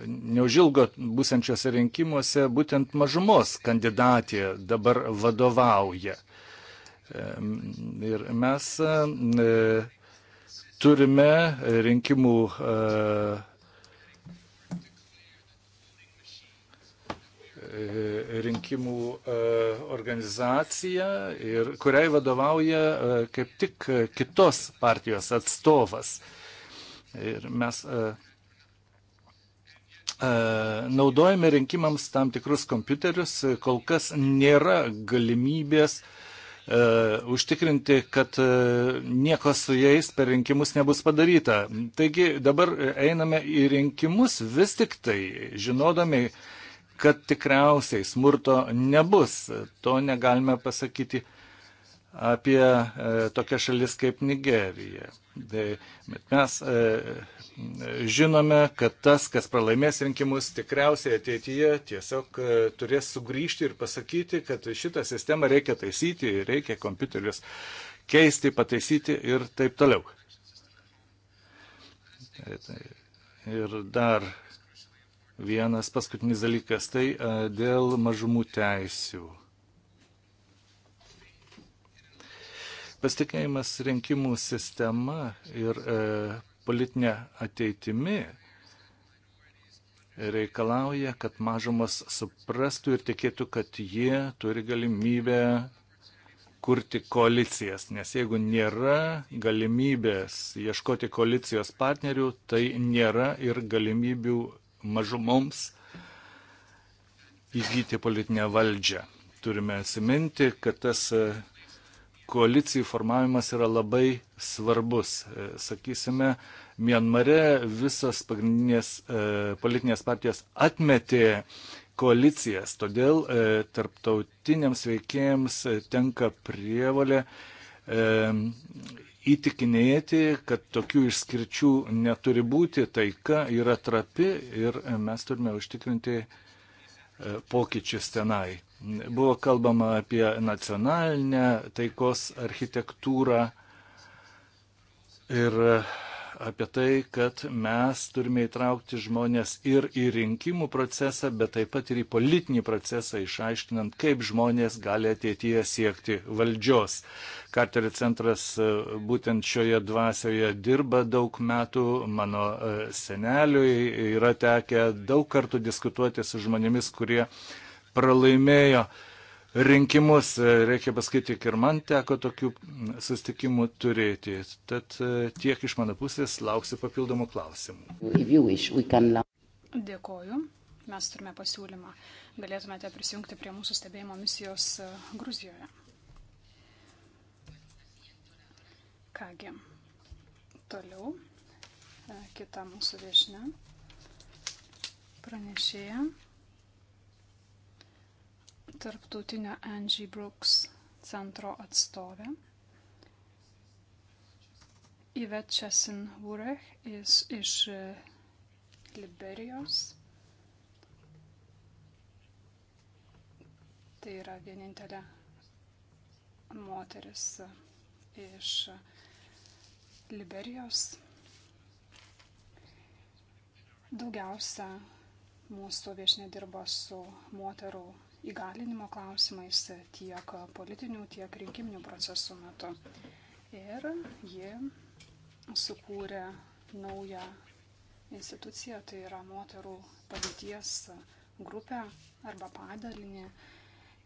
B: neužilgo būsančiose rinkimuose būtent mažumos kandidatė dabar vadovauja. Ir mes turime rinkimų E, rinkimų e, organizacija, ir, kuriai vadovauja e, kaip tik kitos partijos atstovas. Ir mes naudojame rinkimams tam tikrus kompiuterius, kol kas nėra galimybės užtikrinti, kad nieko su jais per rinkimus nebus padaryta. Taigi dabar einame į rinkimus vis tik tai, žinodami, kad tikriausiai smurto nebus. To negalime pasakyti apie e, tokias šalis kaip Nigerija. De, tai, bet mes e, žinome, kad tas, kas pralaimės rinkimus, tikriausiai ateityje tiesiog e, turės sugrįžti ir pasakyti, kad šitą sistemą reikia taisyti, reikia kompiuterius keisti, pataisyti ir taip toliau. Tai, tai, ir dar Vienas paskutinis dalykas tai e, dėl mažumų teisių. Pasitikėjimas rinkimų sistema ir e, politinė ateitimi reikalauja, kad mažumas suprastų ir tikėtų, kad jie turi galimybę kurti koalicijas, nes jeigu nėra galimybės ieškoti koalicijos partnerių, tai nėra ir galimybių mažumoms įgyti politinę valdžią. Turime atsiminti, kad tas e, koalicijų formavimas yra labai svarbus. E, sakysime, Mianmare visas pagrindinės e, politinės partijos atmetė koalicijas, todėl e, tarptautiniams veikėjams e, tenka prievalė e, įtikinėti, kad tokių išskirčių neturi būti, taika yra trapi ir mes turime užtikrinti e, pokyčius tenai. Buvo kalbama apie nacionalinę taikos architektūrą ir apie tai, kad mes turime įtraukti žmonės ir į rinkimų procesą, bet taip pat ir į politinį procesą, išaiškinant, kaip žmonės gali ateityje siekti valdžios. Karterio centras e, būtent šioje dvasioje dirba daug metų, mano e, seneliui yra tekę daug kartų diskutuoti su žmonėmis, kurie pralaimėjo rinkimus. E, reikia pasakyti, ir man teko tokių sustikimų turėti. Tad e, tiek iš mano pusės lauksiu papildomų klausimų.
C: Dėkoju. Mes turime pasiūlymą. Galėtumėte prisijungti prie mūsų stebėjimo misijos e, Gruzijoje. Kągi, toliau kita mūsų viešne pranešėja tarptautinio Angie Brooks centro atstovė. Yvette Chesin Wurech is iš eh, Liberijos. Tai yra vienintelė moteris eh, iš eh, Liberijos. Daugiausia mūsų viešinė dirba su moterų įgalinimo klausimais tiek politinių, tiek rinkiminių procesų metu. Ir ji sukūrė naują instituciją, tai yra moterų padėties grupę arba padalinį.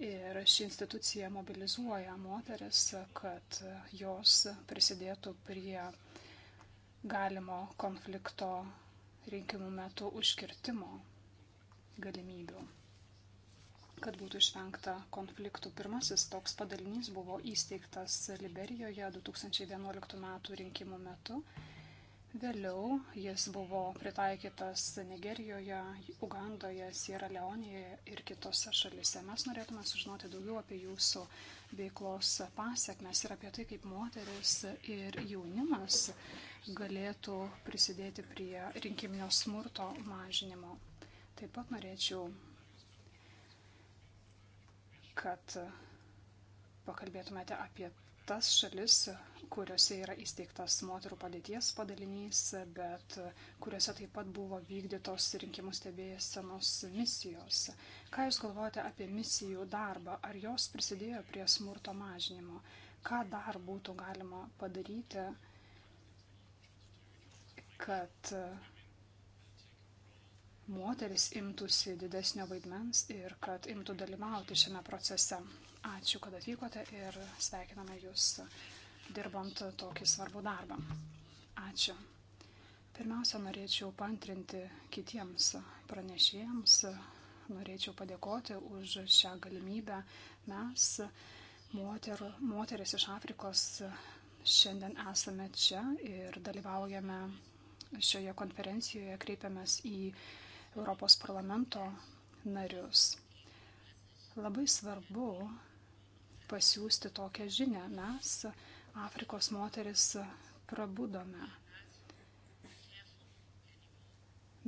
C: Ir ši institucija mobilizuoja moteris, kad jos prisidėtų prie galimo konflikto rinkimų metu užkirtimo galimybių kad būtų išvengta konfliktų. Pirmasis toks padalinys buvo įsteigtas Liberijoje 2011 m. rinkimų metu. Vėliau jis buvo pritaikytas Nigerijoje, Ugandoje, Sierra Leonėje ir kitose šalise. Mes norėtume sužinoti daugiau apie jūsų veiklos pasiekmes ir apie tai, kaip moteris ir jaunimas galėtų prisidėti prie rinkiminio smurto mažinimo. Taip pat norėčiau kad pakalbėtumėte apie tas šalis, kuriuose yra įsteigtas moterų padėties padalinys, bet kuriuose taip pat buvo vykdytos rinkimų stebėjęsenos misijos. Ką Jūs galvojate apie misijų darbą? Ar jos prisidėjo prie smurto mažinimo? Ką dar būtų galima padaryti, kad moteris imtųsi didesnio vaidmens ir kad imtų dalyvauti šiame procese. Ačiū, kad atvykote ir sveikiname Jūs dirbant tokį svarbų darbą. Ačiū. Pirmiausia, norėčiau pantrinti kitiems pranešėjams, norėčiau padėkoti už šią galimybę. Mes, moter, moteris iš Afrikos, šiandien esame čia ir dalyvaujame šioje konferencijoje kreipiamės į Europos parlamento narius. Labai svarbu pasiūsti tokią žinę. Mes, Afrikos moteris, prabudome.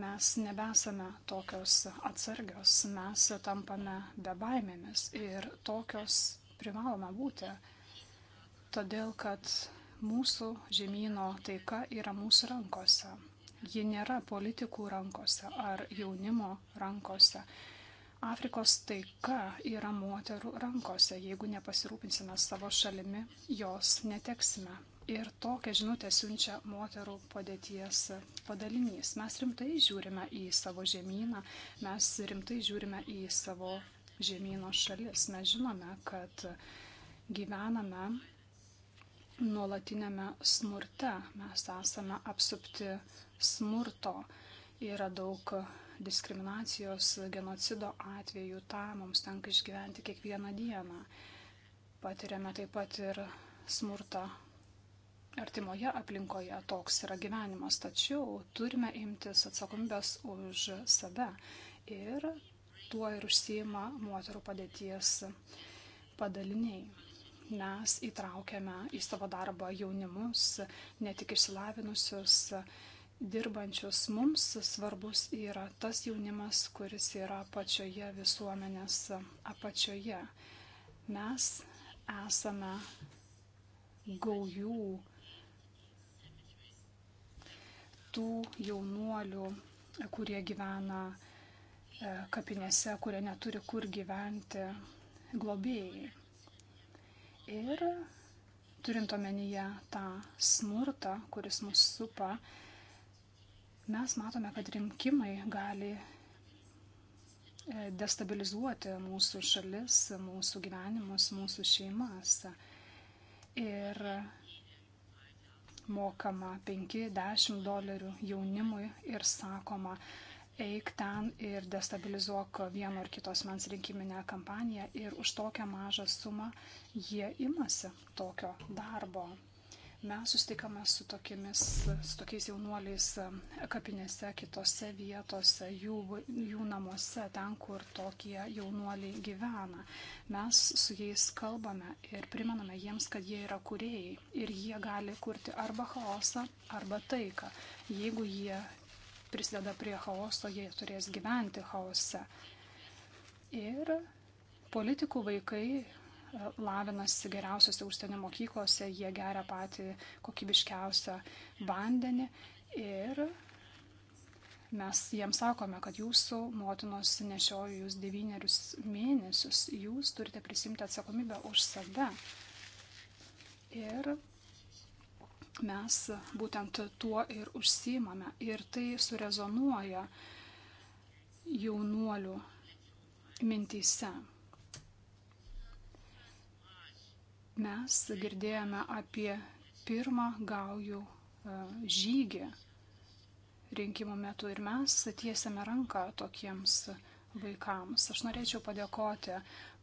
C: Mes nebesame tokios atsargios, mes tampame bebaimėmis ir tokios privalome būti, todėl kad mūsų žemynų taika yra mūsų rankose ji nėra politikų rankose ar jaunimo rankose. Afrikos taika yra moterų rankose. Jeigu nepasirūpinsime savo šalimi, jos neteksime. Ir tokią žinutę siunčia moterų padėties padalinys. Mes rimtai žiūrime į savo žemyną, mes rimtai žiūrime į savo žemyno šalis. Mes žinome, kad gyvename nuolatinėme smurte, mes esame apsupti smurto, yra daug diskriminacijos, genocido atvejų, tą mums tenka išgyventi kiekvieną dieną. Patiriame taip pat ir smurtą artimoje aplinkoje, toks yra gyvenimas, tačiau turime imtis atsakomybės už save ir tuo ir užsima moterų padėties padaliniai. Mes įtraukiame į savo darbą jaunimus, ne tik išsilavinusius, dirbančius mums svarbus yra tas jaunimas, kuris yra pačioje visuomenės apačioje. Mes esame gaujų tų jaunuolių, kurie gyvena e, kapinėse, kurie neturi kur gyventi globėjai. Ir turint omenyje tą smurtą, kuris mus supa, Mes matome, kad rinkimai gali e, destabilizuoti mūsų šalis, mūsų gyvenimus, mūsų šeimas. Ir mokama 5-10 dolerių jaunimui ir sakoma, eik ten ir destabilizuok vieno ar kitos mens rinkiminę kampaniją ir už tokią mažą sumą jie imasi tokio darbo. Mes sustikame su, tokiamis, su tokiais jaunuoliais kapinėse, kitose vietose, jų, jų namuose, ten, kur tokie jaunuoliai gyvena. Mes su jais kalbame ir primename jiems, kad jie yra kurieji ir jie gali kurti arba chaosą, arba taiką. Jeigu jie prisideda prie chaoso, jie turės gyventi chaose. Ir politikų vaikai lavinasi geriausiose užsienio mokyklose, jie geria patį kokybiškiausią vandenį ir mes jiems sakome, kad jūsų motinos nešiojo jūs devynerius mėnesius, jūs turite prisimti atsakomybę už save. Ir mes būtent tuo ir užsimame. Ir tai surezonuoja jaunuolių mintyse. Mes girdėjome apie pirmą gaujų e, žygį rinkimų metu ir mes tiesiame ranką tokiems vaikams. Aš norėčiau padėkoti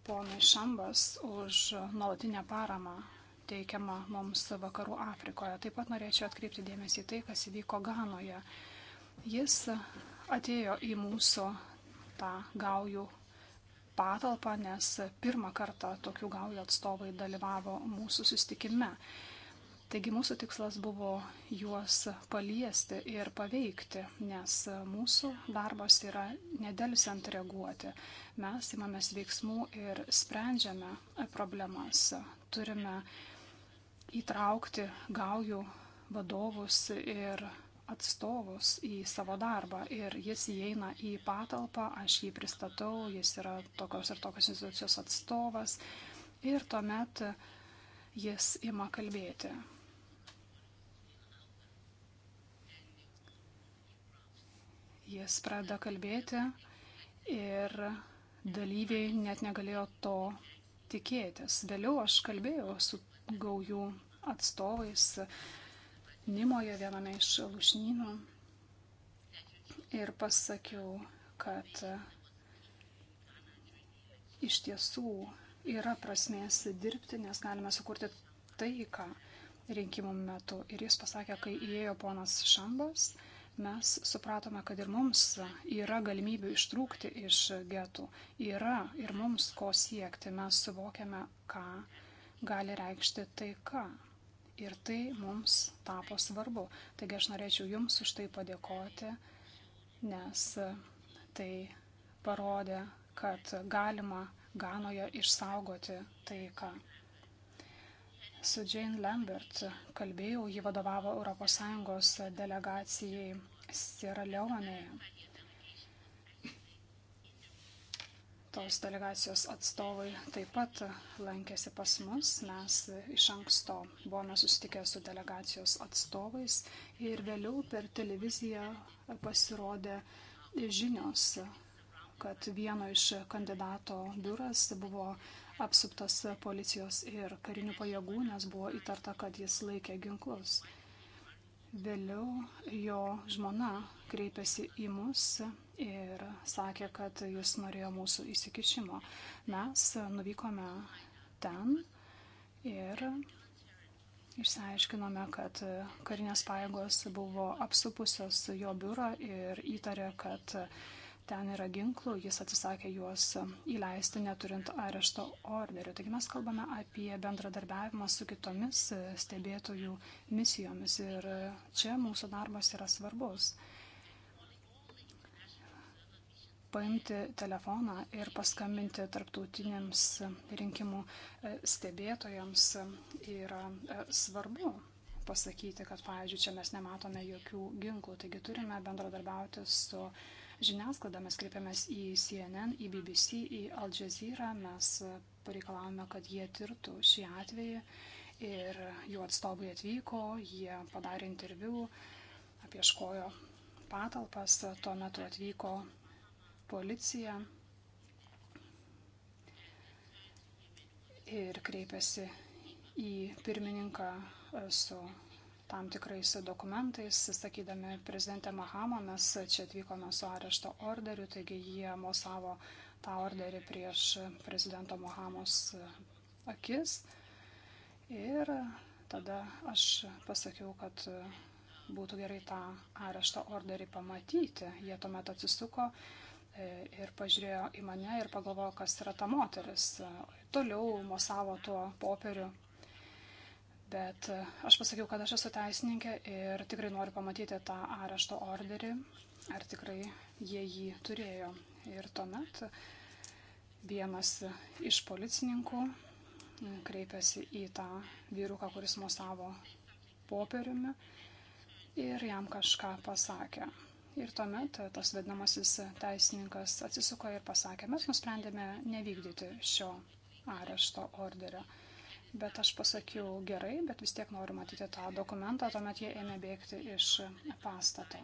C: ponui Šambas už nuolatinę paramą teikiamą mums vakarų Afrikoje. Taip pat norėčiau atkreipti dėmesį į tai, kas įvyko Ganoje. Jis atėjo į mūsų tą gaujų patalpą, nes pirmą kartą tokių gaujų atstovai dalyvavo mūsų sustikime. Taigi mūsų tikslas buvo juos paliesti ir paveikti, nes mūsų darbas yra nedelsiant reaguoti. Mes imamės veiksmų ir sprendžiame problemas. Turime įtraukti gaujų vadovus ir atstovus į savo darbą ir jis įeina į patalpą, aš jį pristatau, jis yra tokios ir tokios institucijos atstovas ir tuomet jis ima kalbėti. Jis pradeda kalbėti ir dalyviai net negalėjo to tikėtis. Vėliau aš kalbėjau su gaujų atstovais, Nimoje viename iš lūšnynų ir pasakiau, kad iš tiesų yra prasmės dirbti, nes galime sukurti taiką rinkimų metu. Ir jis pasakė, kai įėjo ponas Šambas, mes supratome, kad ir mums yra galimybių ištrūkti iš getų. Yra ir mums ko siekti. Mes suvokiame, ką gali reikšti taika. Ir tai mums tapo svarbu. Taigi aš norėčiau Jums už tai padėkoti, nes tai parodė, kad galima Ganoje išsaugoti taiką. Su Jane Lambert kalbėjau, ji vadovavo ES delegacijai Sierra Leonėje. Tos delegacijos atstovai taip pat lankėsi pas mus. Mes iš anksto buvome susitikę su delegacijos atstovais ir vėliau per televiziją pasirodė žinios, kad vieno iš kandidato biuras buvo apsuptas policijos ir karinių pajėgų, nes buvo įtarta, kad jis laikė ginklus. Vėliau jo žmona kreipėsi į mus ir sakė, kad jis norėjo mūsų įsikišimo. Mes nuvykome ten ir išsiaiškinome, kad karinės paėgos buvo apsupusios jo biurą ir įtarė, kad ten yra ginklų, jis atsisakė juos um, įleisti neturint arešto orderio. Taigi mes kalbame apie bendradarbiavimą su kitomis uh, stebėtojų misijomis ir uh, čia mūsų darbas yra svarbus. Paimti telefoną ir paskambinti tarptautiniams um, rinkimų uh, stebėtojams um, yra svarbu pasakyti, kad, pavyzdžiui, čia mes nematome jokių ginklų, taigi turime bendradarbiauti su uh, žiniasklaidą. Mes kreipiamės į CNN, į BBC, į Al Jazeera. Mes e, pareikalavome, kad jie tirtų šį atvejį ir jų atstovai atvyko, jie padarė interviu, apieškojo patalpas, tuo metu atvyko policija ir kreipėsi į pirmininką e, su tam tikrais dokumentais, sakydami prezidentę Mahamą, mes čia atvykome su arešto orderiu, taigi jie mosavo tą orderį prieš prezidento Mahamos akis. Ir tada aš pasakiau, kad būtų gerai tą arešto orderį pamatyti. Jie tuomet atsisuko e, ir pažiūrėjo į mane ir pagalvojo, kas yra ta moteris. Toliau mosavo tuo popieriu Bet e, aš pasakiau, kad aš esu teisininkė ir tikrai noriu pamatyti tą arešto orderį, ar tikrai jie jį turėjo. Ir tuomet vienas iš policininkų kreipėsi į tą vyruką, kuris mosavo popieriumi ir jam kažką pasakė. Ir tuomet tas vadinamasis teisininkas atsisuko ir pasakė, mes nusprendėme nevykdyti šio arešto orderio. Bet aš pasakiau gerai, bet vis tiek noriu matyti tą dokumentą, tuomet jie ėmė bėgti iš pastato.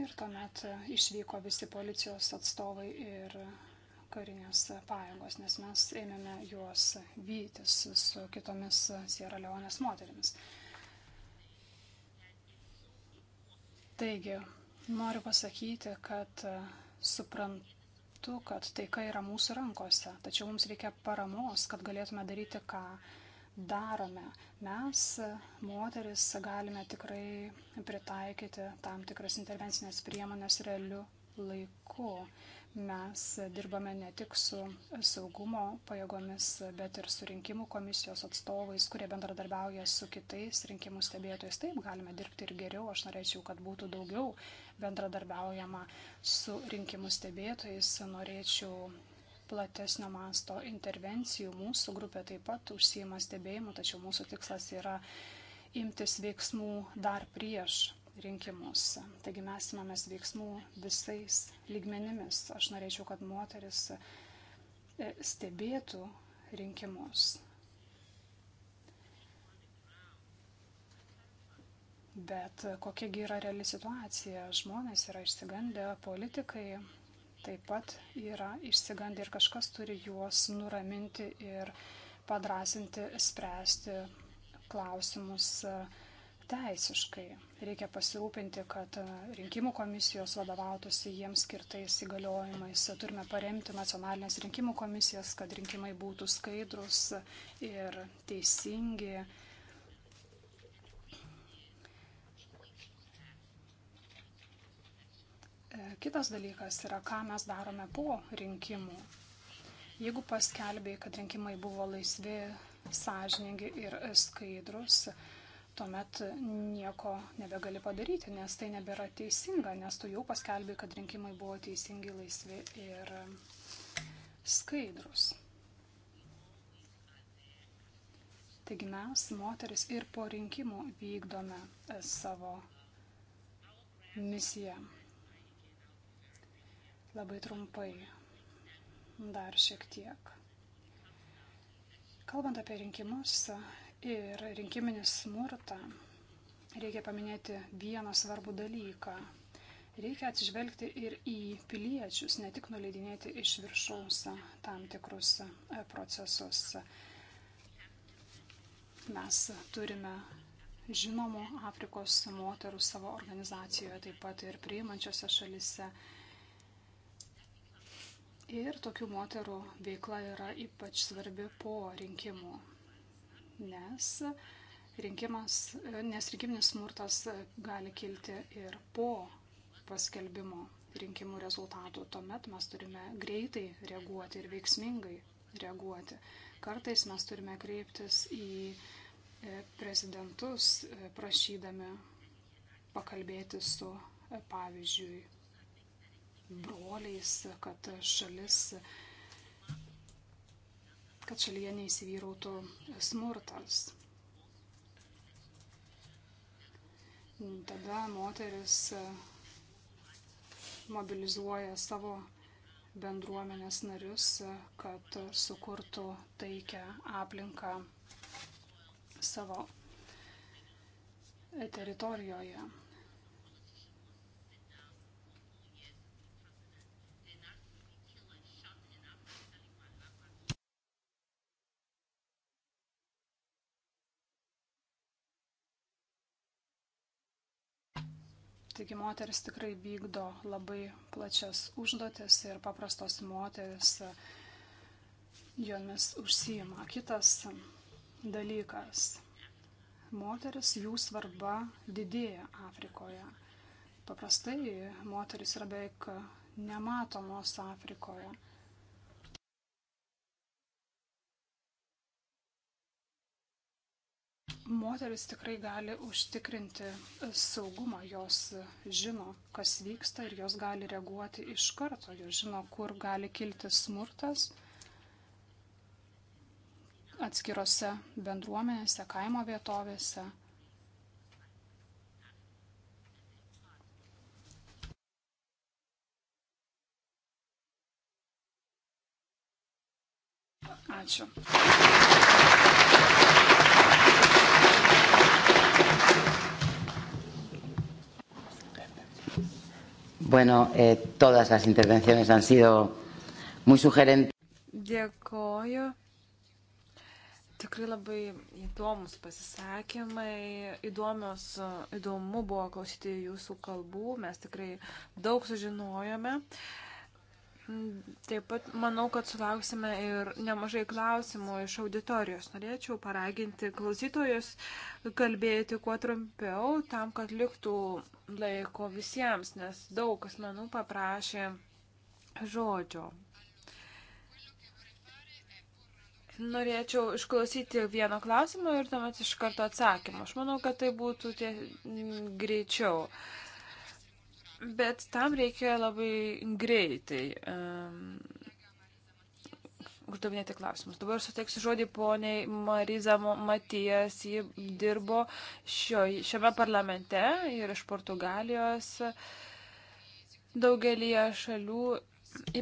C: Ir tuomet išvyko visi policijos atstovai ir karinės pajėgos, nes mes ėmėme juos vytis su kitomis Sierra Leonės moterimis. Taigi, noriu pasakyti, kad Suprantu, kad taika yra mūsų rankose, tačiau mums reikia paramos, kad galėtume daryti, ką darome. Mes, moteris, galime tikrai pritaikyti tam tikras intervencinės priemonės realiu laiku. Mes dirbame ne tik su saugumo pajėgomis, bet ir su rinkimų komisijos atstovais, kurie bendradarbiauja su kitais rinkimų stebėtojais. Taip, galime dirbti ir geriau. Aš norėčiau, kad būtų daugiau bendradarbiaujama su rinkimų stebėtojais. Norėčiau platesnio masto intervencijų. Mūsų grupė taip pat užsijima stebėjimu, tačiau mūsų tikslas yra imtis veiksmų dar prieš rinkimus. Taigi mes imamės veiksmų visais lygmenimis. Aš norėčiau, kad moteris e, stebėtų rinkimus. Bet kokiagi yra reali situacija? Žmonės yra išsigandę, politikai taip pat yra išsigandę ir kažkas turi juos nuraminti ir padrasinti spręsti klausimus e, teisiškai. Reikia pasirūpinti, kad e, rinkimų komisijos vadovautųsi jiems skirtais įgaliojimais. Turime paremti nacionalinės rinkimų komisijas, kad rinkimai būtų skaidrus ir teisingi E, kitas dalykas yra, ką mes darome po rinkimų. Jeigu paskelbė, kad rinkimai buvo laisvi, sąžiningi ir skaidrus, tuomet nieko nebegali padaryti, nes tai nebėra teisinga, nes tu jau paskelbė, kad rinkimai buvo teisingi, laisvi ir skaidrus. Taigi mes, moteris, ir po rinkimų vykdome savo misiją. Labai trumpai. Dar šiek tiek. Kalbant apie rinkimus ir rinkiminį smurtą, reikia paminėti vieną svarbų dalyką. Reikia atsižvelgti ir į piliečius, ne tik nuleidinėti iš viršaus tam tikrus procesus. Mes turime žinomų Afrikos moterų savo organizacijoje, taip pat ir priimančiose šalise. Ir tokių moterų veikla yra ypač svarbi po rinkimų, nes, rinkimas, nes rinkiminis smurtas gali kilti ir po paskelbimo rinkimų rezultatų. Tuomet mes turime greitai reaguoti ir veiksmingai reaguoti. Kartais mes turime kreiptis į e, prezidentus, e, prašydami pakalbėti su, e, pavyzdžiui, broliais, kad šalis kad šalyje neįsivyrautų smurtas. Tada moteris mobilizuoja savo bendruomenės narius, kad sukurtų taikę aplinką savo teritorijoje. Taigi moteris tikrai vykdo labai plačias užduotis ir paprastos moteris jomis užsijima. Kitas dalykas. Moteris jų svarba didėja Afrikoje. Paprastai moteris yra beveik nematomos Afrikoje. moteris tikrai gali užtikrinti saugumą, jos žino, kas vyksta ir jos gali reaguoti iš karto, jos žino, kur gali kilti smurtas atskirose bendruomenėse, kaimo vietovėse. Ačiū.
A: Bueno, eh, todas las intervenciones han sido muy sugerentes. Dėkoju. Tikrai labai įdomus pasisakymai, įdomios, įdomu buvo klausyti jūsų kalbų, mes tikrai daug sužinojome. Uh, Taip pat manau, kad sulauksime ir nemažai klausimų iš auditorijos. Norėčiau paraginti klausytojus kalbėti kuo trumpiau, tam, kad liktų laiko visiems, nes daug asmenų paprašė žodžio. Norėčiau išklausyti vieno klausimo ir tuomet iš karto atsakymą. Aš manau, kad tai būtų tie greičiau. Uh, Bet tam reikia labai greitai um, uždavinėti klausimus. Dabar suteiksiu žodį poniai Mariza Matijas. Ji dirbo šio, šiame parlamente ir iš Portugalijos daugelį šalių,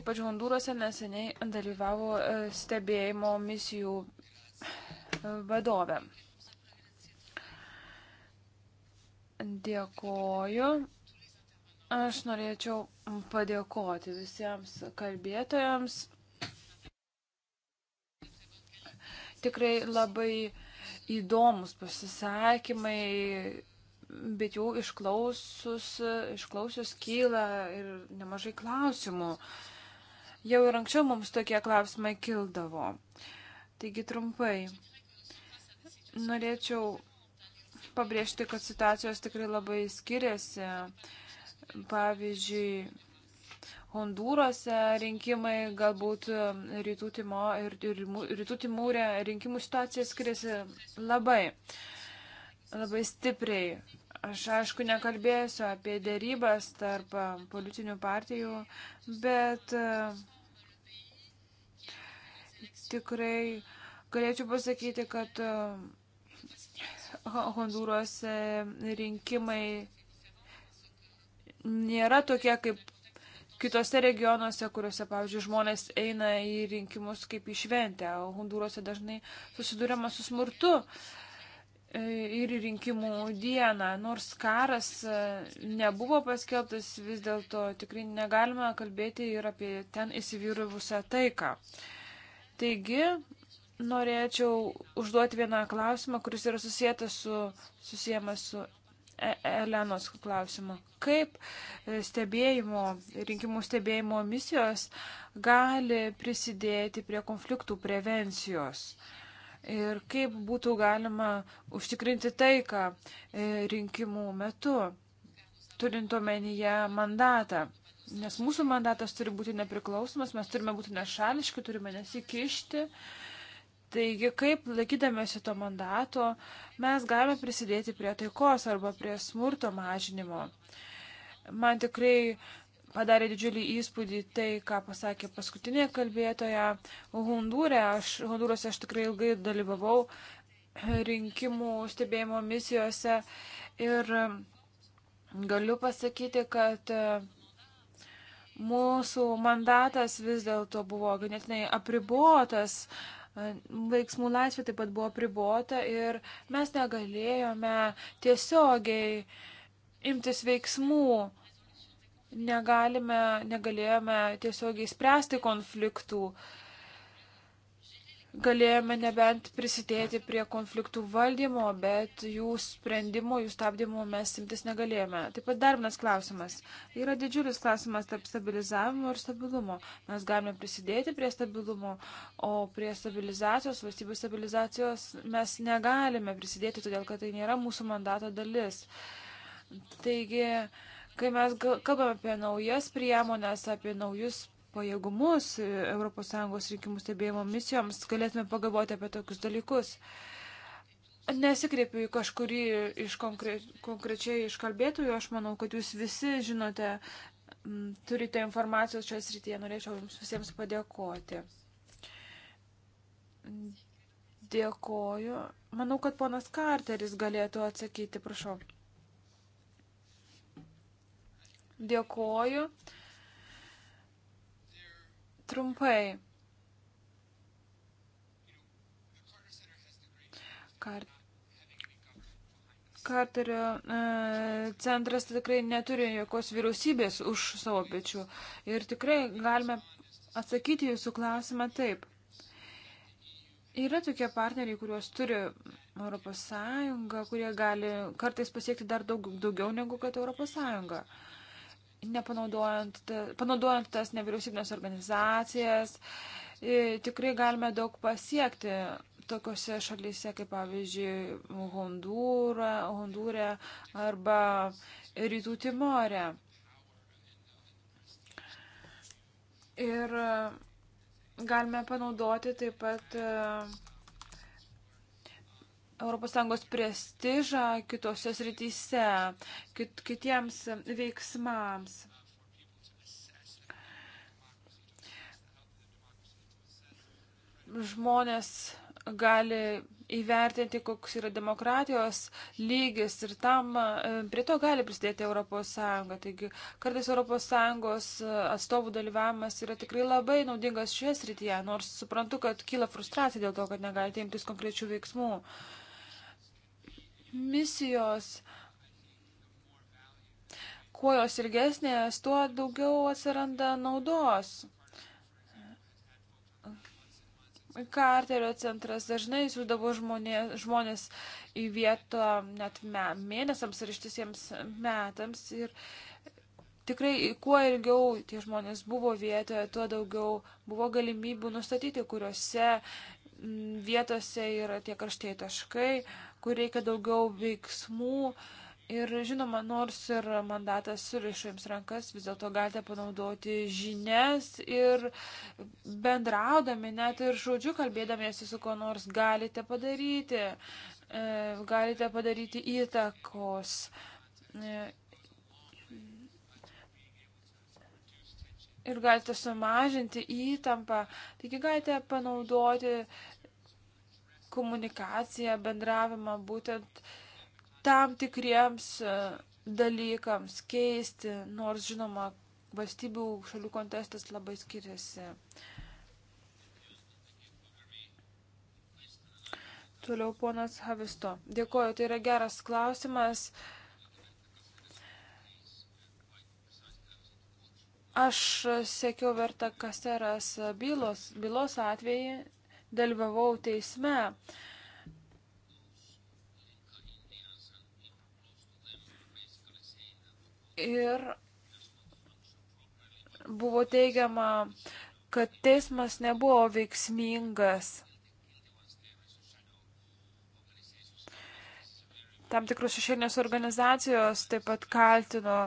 A: ypač Hondūrose, neseniai dalyvavo e, stebėjimo misijų e, vadovė. Dėkoju. Aš norėčiau padėkoti visiems kalbėtojams. Tikrai labai įdomus pasisakymai, bet jau išklausus, išklausus kyla ir nemažai klausimų. Jau ir anksčiau mums tokie klausimai kildavo. Taigi trumpai. Norėčiau pabrėžti, kad situacijos tikrai labai skiriasi. Pavyzdžiui, Hondūrose rinkimai, galbūt um, rytų, timo ir, ir, rytų Timūrė rinkimų situacija skiriasi labai, labai stipriai. Aš aišku nekalbėsiu apie dėrybas tarp um, politinių partijų, bet um, tikrai galėčiau pasakyti, kad Hondūrose rinkimai nėra tokie kaip kitose regionuose, kuriuose, pavyzdžiui, žmonės eina į rinkimus kaip į šventę, o Hondūrose dažnai susidūrėma su smurtu e, ir rinkimų dieną. Nors karas e, nebuvo paskelbtas, vis dėlto tikrai negalime kalbėti ir apie ten įsivyravusią taiką. Taigi, norėčiau užduoti vieną klausimą, kuris yra susijęs su, susijęs su Elenos klausimą. Kaip stebėjimo, rinkimų stebėjimo misijos gali prisidėti prie konfliktų prevencijos? ir kaip būtų galima užtikrinti taiką e, rinkimų metu, turint omenyje mandatą. Nes mūsų mandatas turi būti nepriklausomas, mes turime būti nešališki, turime nesikišti Taigi, kaip laikydamėsi to mandato, mes galime prisidėti prie taikos arba prie smurto mažinimo. Man tikrai padarė didžiulį įspūdį tai, ką pasakė paskutinė kalbėtoja Hondūrė. Aš, Hondūrose aš tikrai ilgai dalyvavau rinkimų stebėjimo misijose ir galiu pasakyti, kad mūsų mandatas vis dėlto buvo ganėtinai apribuotas. Uh, veiksmų laisvė taip pat buvo pribota ir mes negalėjome tiesiogiai imtis veiksmų. Negalime, negalėjome tiesiogiai spręsti konfliktų. Uh, galėjome nebent prisidėti prie konfliktų valdymo, bet jų sprendimo, jų stabdymo mes simtis negalėjome. Taip pat dar vienas klausimas. Yra didžiulis klausimas tarp stabilizavimo ir stabilumo. Mes galime prisidėti prie stabilumo, o prie stabilizacijos, valstybių stabilizacijos mes negalime prisidėti, todėl kad tai nėra mūsų mandato dalis. Taigi, kai mes kalbame apie naujas priemonės, apie naujus pajėgumus ES rinkimų stebėjimo misijoms, galėtume pagalvoti apie tokius dalykus. Nesikreipiu į kažkurį iš konkre konkrečiai iškalbėtųjų, aš manau, kad jūs visi žinote, m, turite informacijos šioje srityje, norėčiau jums visiems padėkoti. Dėkoju. Manau, kad ponas Karteris galėtų atsakyti, prašau. Dėkoju. Trumpai. Kart Karterio e, centras tikrai neturi jokios vyriausybės už savo pečių. Ir tikrai galime atsakyti jūsų klausimą taip. Yra tokie partneriai, kuriuos turi ES, kurie gali kartais pasiekti dar daug, daugiau negu kad ES nepanaudojant, panaudojant tas nevyriausybinės organizacijas, tikrai galime daug pasiekti tokiuose šalyse kaip pavyzdžiui Hondūra, Hondūrė arba Rytų Timorė. Ir e, galime panaudoti taip pat e, ES prestižą kitose srityse, kit, kitiems veiksmams. Žmonės gali įvertinti, koks yra demokratijos lygis ir tam e, prie to gali prisidėti ES. Taigi kartais ES e, atstovų dalyvavimas yra tikrai labai naudingas šioje srityje, nors suprantu, kad kyla frustracija dėl to, kad negalite imtis konkrečių veiksmų. Uh, misijos. Kuo jos ilgesnės, tuo daugiau atsiranda naudos. Karterio centras dažnai siūdavo žmonės, žmonės į vietą net me, mėnesiams ar ištisiems metams. Ir tikrai, kuo ilgiau tie žmonės buvo vietoje, tuo daugiau buvo galimybių nustatyti, kuriuose vietose yra tie karštieji taškai, kur reikia daugiau veiksmų. Ir žinoma, nors ir mandatas suriša jums rankas, vis dėlto galite panaudoti žinias ir bendraudami, net ir žodžiu kalbėdamiesi su kuo nors galite padaryti, e, galite padaryti įtakos. E, ir galite sumažinti įtampą. Taigi galite panaudoti komunikaciją, bendravimą būtent tam tikriems e, dalykams keisti, nors žinoma, valstybių šalių kontestas labai skiriasi. Toliau ponas Havisto. Dėkoju, tai yra geras klausimas. Aš sekiau verta kaseras bylos, bylos atvejį dalyvavau teisme. Ir buvo teigiama, kad teismas nebuvo veiksmingas. Tam tikros šešėlinės organizacijos taip pat kaltino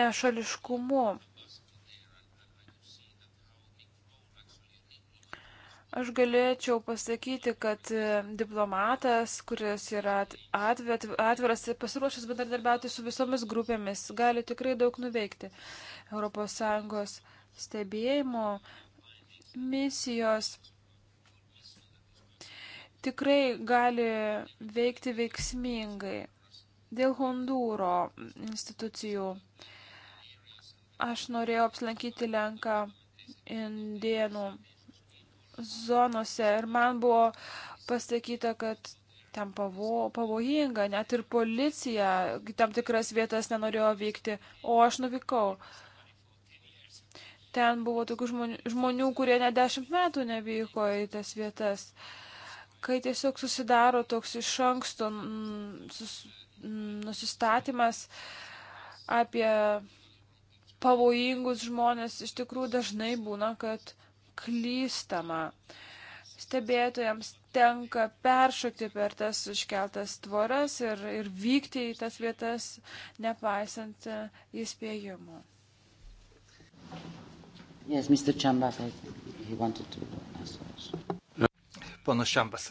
A: nešališkumu. Aš galėčiau pasakyti, kad e, diplomatas, kuris yra atviras ir pasiruošęs bendradarbiauti su visomis grupėmis, gali tikrai daug nuveikti. ES stebėjimo misijos tikrai gali veikti veiksmingai. Dėl Hondūro institucijų aš norėjau apsilankyti Lenką indienų zonose ir man buvo pasakyta, kad ten pavo, pavojinga, net ir policija tam tikras vietas nenorėjo vykti, o aš nuvykau. Ten buvo tokių žmonių, žmonių kurie ne dešimt metų nevyko į tas vietas. Kai tiesiog susidaro toks iš anksto sus, nusistatymas apie pavojingus žmonės, iš tikrųjų dažnai būna, kad klystama. Stebėtojams tenka peršokti per tas iškeltas tvoras ir, ir vykti į tas vietas, nepaisant e, įspėjimų. Yes,
B: Panas Čambas.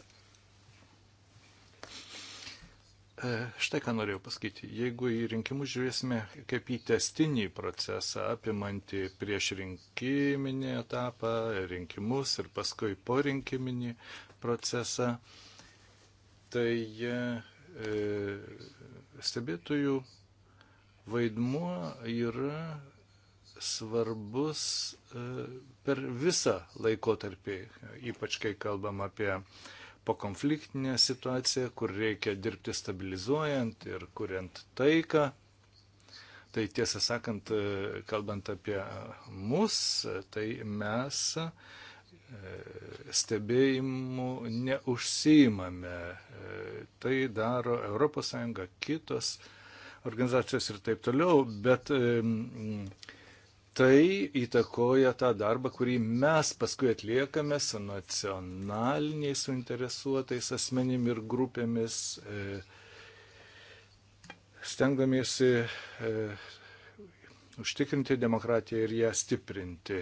B: E, štai ką norėjau pasakyti. Jeigu į rinkimus žiūrėsime kaip į testinį procesą, apimantį prieš rinkiminį etapą, rinkimus ir paskui po rinkiminį procesą, tai e, stebėtojų vaidmuo yra svarbus e, per visą laikotarpį, ypač kai kalbam apie e, pokonfliktinę situaciją, kur reikia dirbti stabilizuojant ir kuriant taiką. Tai tiesą sakant, kalbant apie mus, tai mes e, stebėjimų neužsiimame. E, tai daro ES, kitos organizacijos ir taip toliau, bet e, tai įtakoja tą darbą, kurį mes paskui atliekame su nacionaliniais suinteresuotais asmenim ir grupėmis. E, stengdamiesi e, užtikrinti demokratiją ir ją stiprinti.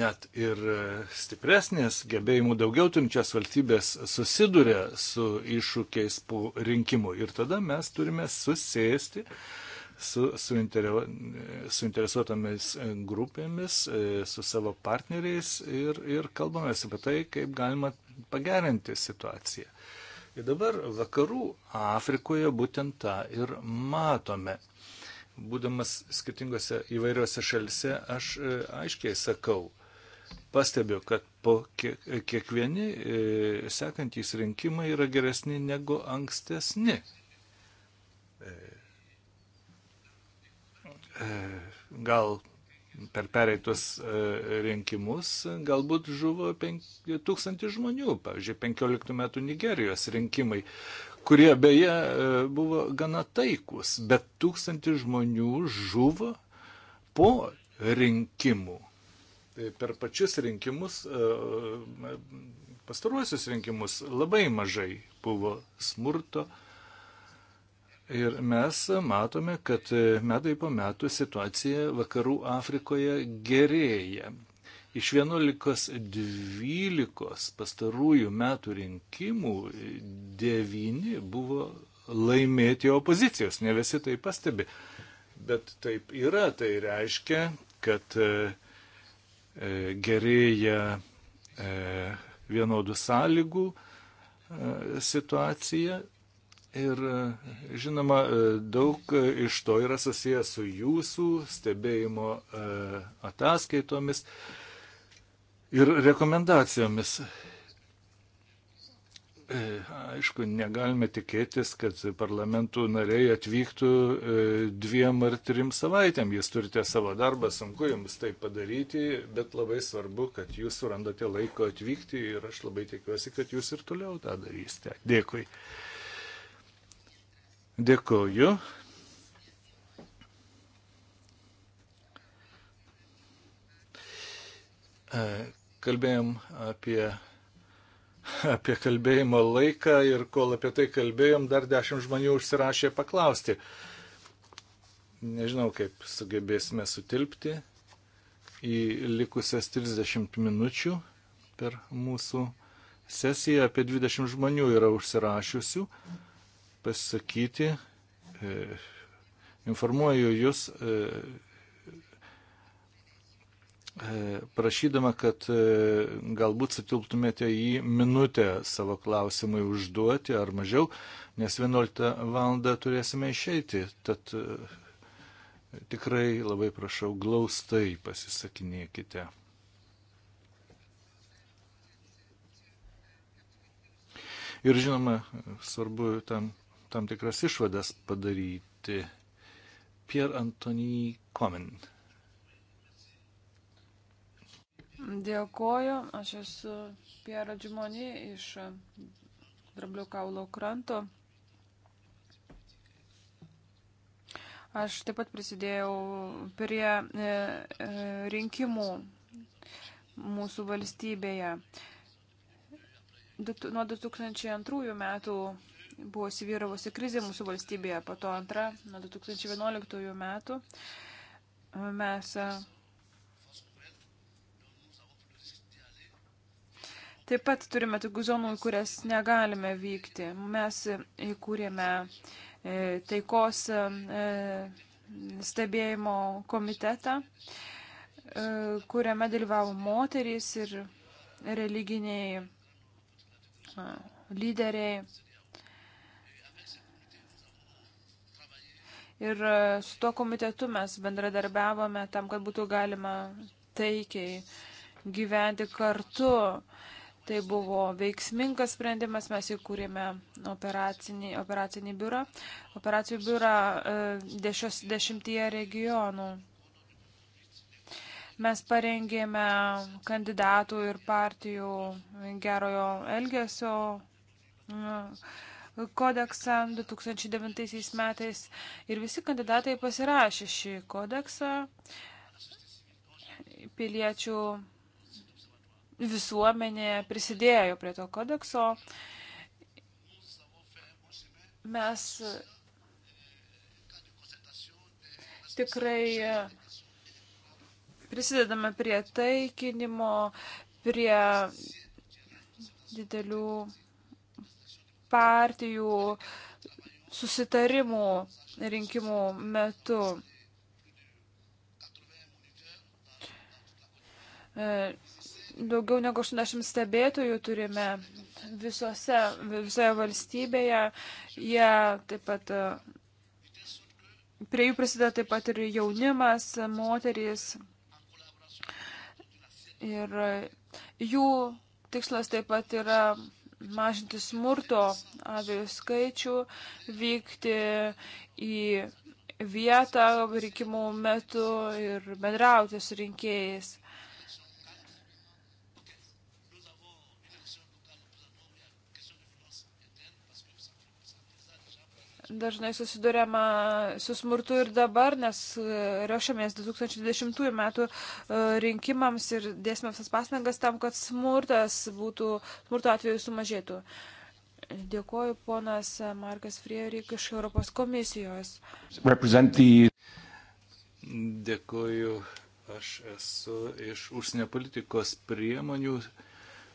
B: Net ir e, stipresnės gebėjimų daugiau turinčias valstybės susiduria su iššūkiais po rinkimų. Ir tada mes turime susėsti, e, su suinteresuotomis e, grupėmis, e, su savo partneriais ir, ir kalbame apie tai, kaip galima pagerinti situaciją. Ir dabar vakarų Afrikoje būtent tą ir matome. Būdamas skirtingose įvairiose šalise, aš e, aiškiai sakau, pastebiu, kad po kiekvieni sekantys rinkimai yra geresni negu ankstesni. E, gal per pereitus e, rinkimus galbūt žuvo tūkstantį žmonių, pavyzdžiui, 15 metų Nigerijos rinkimai, kurie beje e, buvo gana taikus, bet tūkstantį žmonių žuvo po rinkimų. Tai per pačius rinkimus, pastaruosius rinkimus labai mažai buvo smurto, Ir mes matome, kad metai po metų situacija vakarų Afrikoje gerėja. Iš 11-12 pastarųjų metų rinkimų 9 buvo laimėti opozicijos, ne visi tai pastebi. Bet taip yra, tai reiškia, kad e, e, gerėja e, vienodų sąlygų situacija Ir e, žinoma, e, daug e, iš to yra susijęs su jūsų stebėjimo ataskaitomis ir rekomendacijomis. Aišku, negalime tikėtis, kad parlamentų nariai atvyktų dviem ar trim savaitėm. Jūs turite savo darbą, sunku jums tai padaryti, bet labai svarbu, kad jūs surandate laiko atvykti ir aš labai tikiuosi, kad jūs ir toliau tą darysite. Dėkui. Dėkoju. E, kalbėjom apie, apie kalbėjimo laiką ir kol apie tai kalbėjom, dar dešimt žmonių užsirašė paklausti. Nežinau, kaip sugebėsime sutilpti į likusias 30 minučių per mūsų sesiją. Apie 20 žmonių yra užsirašiusių. Mhm pasakyti. E, informuoju Jūs e, e, prašydama, kad galbūt sutilptumėte į minutę savo klausimui užduoti ar mažiau, nes 11 val. turėsime išeiti. Tad tikrai labai prašau glaustai pasisakinėkite. Ir žinoma, svarbu tam tam tikras išvadas padaryti. Pierre Antony Komen.
A: Dėkoju, aš esu Pierre Džimonė iš Drablio kaulo kranto. Aš taip pat prisidėjau prie e, e, rinkimų mūsų valstybėje. Nuo 2002 metų buvo įsivyravusi krizė mūsų valstybėje, po to antra nuo 2011 metų. Mes taip pat turime tokių zonų, į kurias negalime vykti. Mes įkūrėme e, taikos e, stebėjimo komitetą, e, kuriame dalyvavo moterys ir religiniai lyderiai. Ir e, su tuo komitetu mes bendradarbiavome tam, kad būtų galima taikiai gyventi kartu. Tai buvo veiksmingas sprendimas, mes įkūrėme operacinį, operacinį biurą, operacijų biurą e, dešios, dešimtyje regionų. Mes parengėme kandidatų ir partijų gerojo elgesio. Uh, kodeksą 2009 metais ir visi kandidatai pasirašė šį kodeksą piliečių visuomenė prisidėjo prie to kodekso. Mes tikrai prisidedame prie taikinimo, prie didelių partijų susitarimų rinkimų metu. E, daugiau negu 80 stebėtojų turime visose, visoje valstybėje. Jie taip pat, e, prie jų prisideda taip pat ir jaunimas, moterys. Ir e, jų tikslas taip pat yra mažinti smurto atvejų skaičių, vykti į vietą rinkimų metu ir bendrauti su rinkėjais. dažnai susidurėma su smurtu ir dabar, nes e, ruošiamės 2020 metų e, rinkimams ir dėsime visas pastangas tam, kad smurtas būtų, smurto atveju sumažėtų. Dėkuoju ponas Markas Frierik iš Europos
B: komisijos. The... Dėkuoju, aš esu iš užsienio politikos priemonių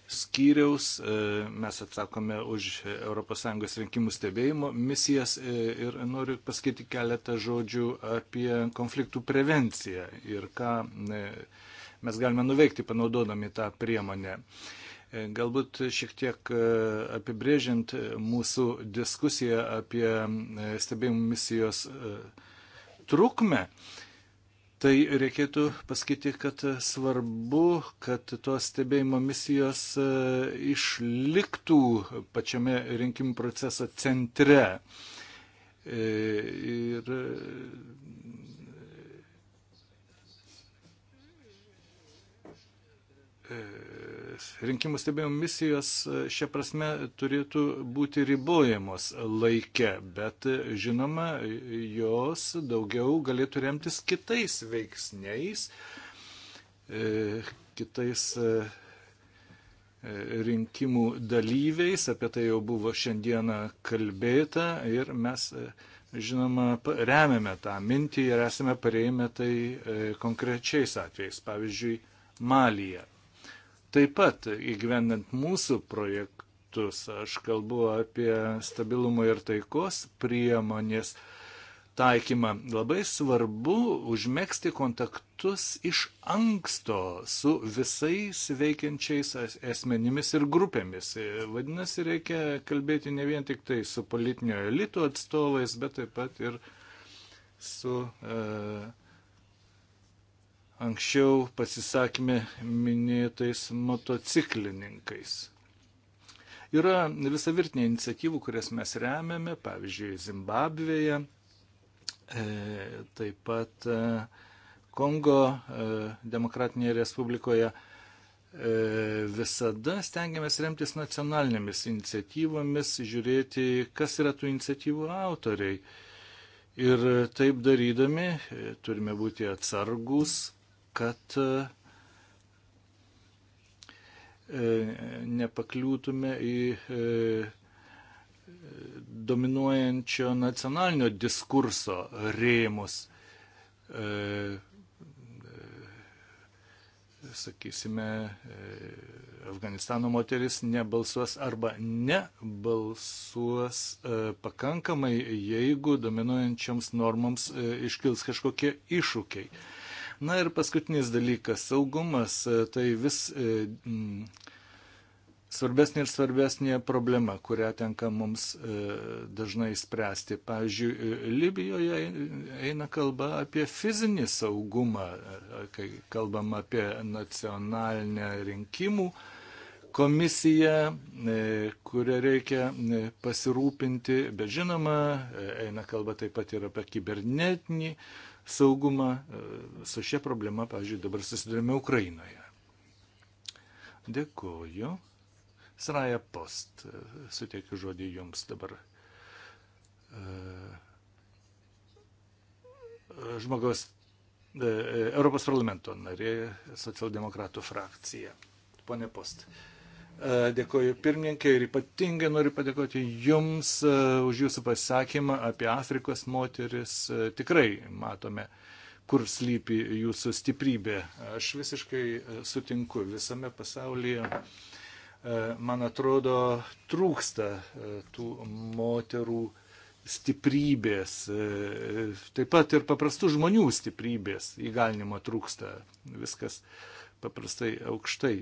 B: skyriaus, e, mes atsakome už ES rinkimų stebėjimo misijas e, ir noriu pasakyti keletą žodžių apie konfliktų prevenciją ir ką e, mes galime nuveikti panaudodami tą priemonę. Galbūt šiek tiek apibrėžiant mūsų diskusiją apie stebėjimų misijos trukmę, Tai reikėtų pasakyti, kad svarbu, kad tos stebėjimo misijos e, išliktų pačiame rinkimų proceso centre. E, ir E, rinkimų stebėjimo misijos e, šią prasme turėtų būti ribojamos laike, bet e, žinoma, jos daugiau galėtų remtis kitais veiksniais, kitais rinkimų dalyviais, apie tai jau buvo šiandieną kalbėta ir mes, žinoma, remiame tą mintį ir esame pareimę tai konkrečiais atvejais, pavyzdžiui, Malyje. Taip pat įgyvendant mūsų projektus, aš kalbu apie stabilumo ir taikos priemonės taikymą, labai svarbu užmėgsti kontaktus iš anksto su visais veikiančiais asmenimis ir grupėmis. Vadinasi, reikia kalbėti ne vien tik tai su politinio elito atstovais, bet taip pat ir su. Uh, anksčiau pasisakymė minėtais motociklininkais. Yra visa virtinė iniciatyvų, kurias mes remiame, pavyzdžiui, Zimbabvėje, e, taip pat e, Kongo e, Demokratinėje Respublikoje e, visada stengiamės remtis nacionalinėmis iniciatyvomis, žiūrėti, kas yra tų iniciatyvų autoriai. Ir taip darydami e, turime būti atsargus, kad e, e, nepakliūtume į e, dominuojančio nacionalinio diskurso rėmus. Sakysime, Afganistano moteris nebalsuos arba nebalsuos pakankamai, jeigu dominuojančioms normoms iškils kažkokie iššūkiai. Na ir paskutinis dalykas - saugumas. E, tai vis e, svarbesnė ir svarbesnė problema, kurią tenka mums e, dažnai spręsti. Pavyzdžiui, Libijoje eina kalba apie fizinį saugumą, kai kalbam apie nacionalinę rinkimų komisiją, kurią reikia pasirūpinti, bet žinoma, eina kalba taip pat ir apie kibernetinį saugumą. E, su šia problema, pavyzdžiui, dabar susidurime Ukrainoje. Dėkuoju. Sraja Post, e, suteikiu žodį jums dabar. E, žmogaus, Europos parlamento narė, socialdemokratų frakcija. Pone Post. Uh, E, dėkoju pirmininkė ir ypatingai noriu padėkoti Jums e, už Jūsų pasakymą apie Afrikos moteris. E, tikrai matome, kur slypi Jūsų stiprybė. Aš visiškai sutinku visame pasaulyje. Man atrodo, trūksta tų moterų stiprybės, taip pat ir paprastų žmonių stiprybės įgalinimo trūksta. Viskas uh, paprastai aukštai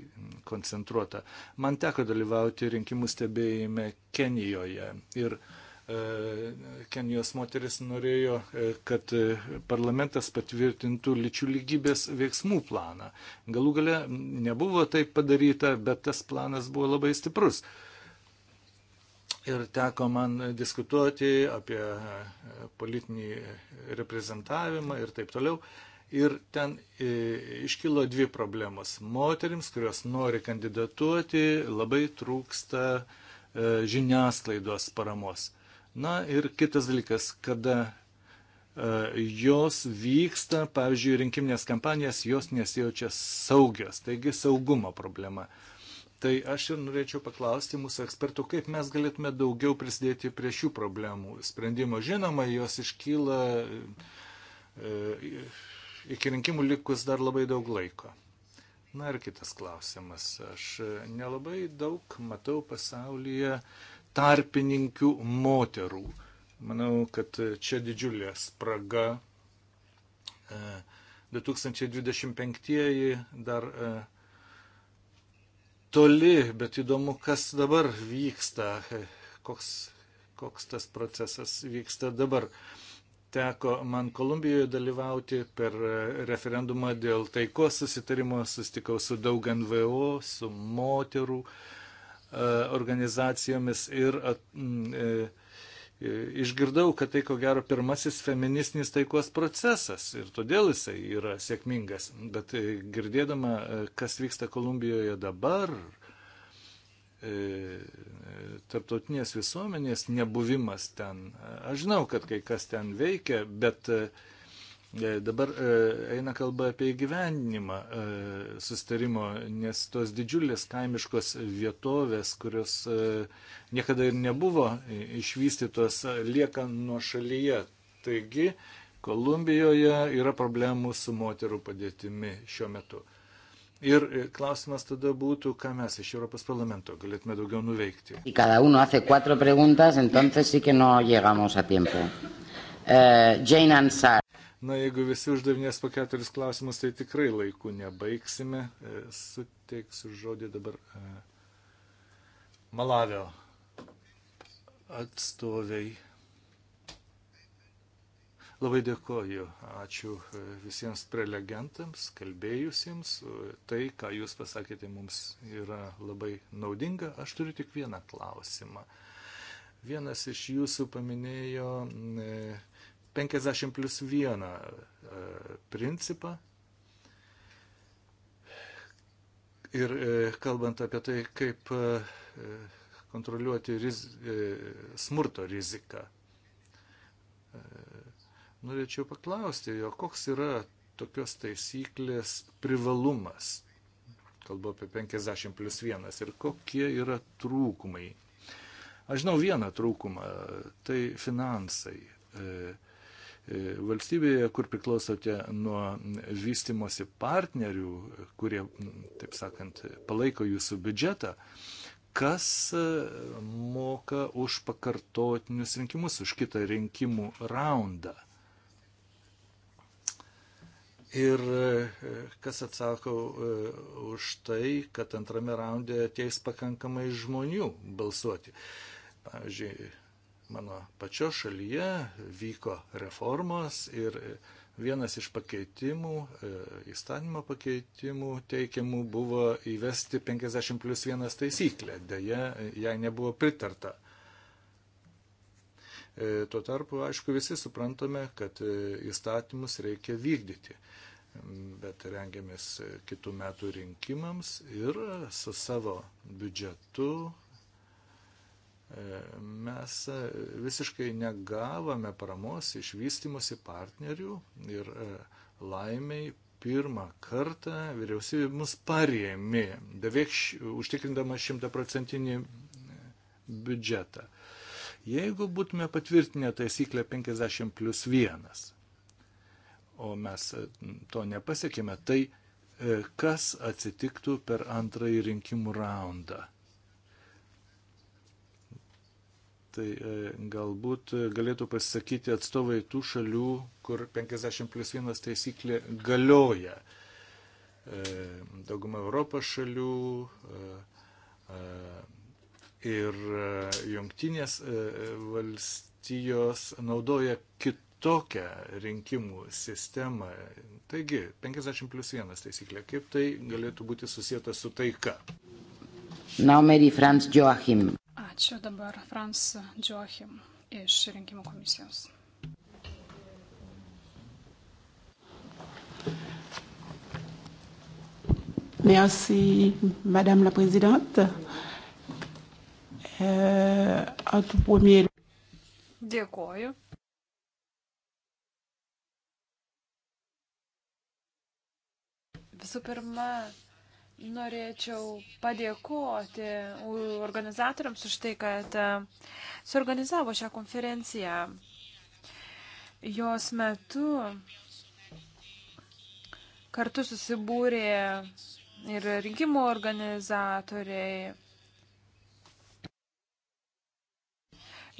B: koncentruota. Man teko dalyvauti rinkimų stebėjime Kenijoje ir e, Kenijos moteris norėjo, e, kad e, parlamentas patvirtintų lyčių lygybės veiksmų planą. Galų gale nebuvo taip padaryta, bet tas planas buvo labai stiprus. Ir teko man diskutuoti apie politinį reprezentavimą ir taip toliau. Ir ten e, iškilo dvi problemos. Moterims, kurios nori kandidatuoti, labai trūksta e, žiniasklaidos paramos. Na ir kitas dalykas, kada e, jos vyksta, pavyzdžiui, rinkiminės kampanijas, jos nesijaučia saugios, taigi saugumo problema. Tai aš ir norėčiau paklausti mūsų ekspertų, kaip mes galėtume daugiau prisidėti prie šių problemų sprendimo. Žinoma, jos iškyla iki rinkimų likus dar labai daug laiko. Na ir kitas klausimas. Aš nelabai daug matau pasaulyje tarpininkių moterų. Manau, kad čia didžiulė spraga. 2025 e, dar e, toli, bet įdomu, kas dabar vyksta, e, koks, koks tas procesas vyksta dabar teko man Kolumbijoje dalyvauti per referendumą dėl taikos susitarimo, sustikau su daug NVO, su moterų e, organizacijomis ir at, m, e, e, išgirdau, kad tai ko gero pirmasis feministinis taikos procesas ir todėl jisai yra sėkmingas. Bet e, girdėdama, kas vyksta Kolumbijoje dabar, E, tarptautinės visuomenės nebuvimas ten. Aš žinau, kad kai kas ten veikia, bet e, e, dabar eina kalba apie įgyvendinimą sustarimo, nes tos didžiulės kaimiškos vietovės, kurios niekada ir nebuvo išvystytos, lieka nuo šalyje. Taigi, Kolumbijoje yra problemų su moterų padėtimi šiuo metu. Ir klausimas tada būtų, ką mes iš Europos parlamento galėtume daugiau nuveikti. Preguntas,
A: sí no eh,
B: Na, jeigu visi uždavinės po keturis klausimus, tai tikrai laiku nebaigsime. E, suteiksiu žodį dabar e, Malavio atstoviai. Labai dėkoju. Ačiū e, visiems prelegentams, kalbėjusiems. E, tai, ką jūs pasakėte, mums yra labai naudinga. Aš turiu tik vieną klausimą. Vienas iš jūsų paminėjo 50 plus 1 principą. Ir e, kalbant apie tai, kaip kontroliuoti riz, smurto riziką Norėčiau paklausti jo, koks yra tokios taisyklės privalumas. Kalbu apie 50 plus 1 ir kokie yra trūkumai. Aš žinau vieną trūkumą - tai finansai. E, e, valstybėje, kur priklausote nuo vystimosi partnerių, kurie, taip sakant, palaiko jūsų biudžetą, kas e, moka už pakartotinius rinkimus, už kitą rinkimų raundą. Ir e, kas atsako e, už tai, kad antrame raunde ateis pakankamai žmonių balsuoti. Pavyzdžiui, mano pačio šalyje vyko reformos ir vienas iš pakeitimų, e, įstatymo pakeitimų teikiamų buvo įvesti 50 plus 1 taisyklę. Deja, jai nebuvo pritarta. Tuo tarpu, aišku, visi suprantame, kad įstatymus reikia vykdyti bet rengiamės kitų metų rinkimams ir su savo biudžetu e, mes visiškai negavome paramos iš vystimosi partnerių ir e, laimiai pirmą kartą vyriausybė mus parėmė, beveik užtikrindama šimtaprocentinį biudžetą. Jeigu būtume patvirtinę taisyklę 50 plus 1, o mes e, to nepasiekėme, tai e, kas atsitiktų per antrąjį rinkimų raundą. Tai e, galbūt galėtų pasisakyti atstovai tų šalių, kur 50 plus 1 taisyklė galioja. Dauguma Europos šalių ir jungtinės valstybės valstijos naudoja kit, tokią rinkimų sistemą. Taigi, 50 plus 1 taisyklė, kaip tai galėtų būti susijęta su taika? Numerį Franz Joachim.
C: Ačiū dabar Franz Joachim iš rinkimų komisijos. Merci, Madame la Présidente. Euh, à tout premier.
A: Dėkoju. Visų pirma, norėčiau padėkoti organizatoriams už tai, kad e, suorganizavo šią konferenciją. Jos metu kartu susibūrė ir rinkimų organizatoriai,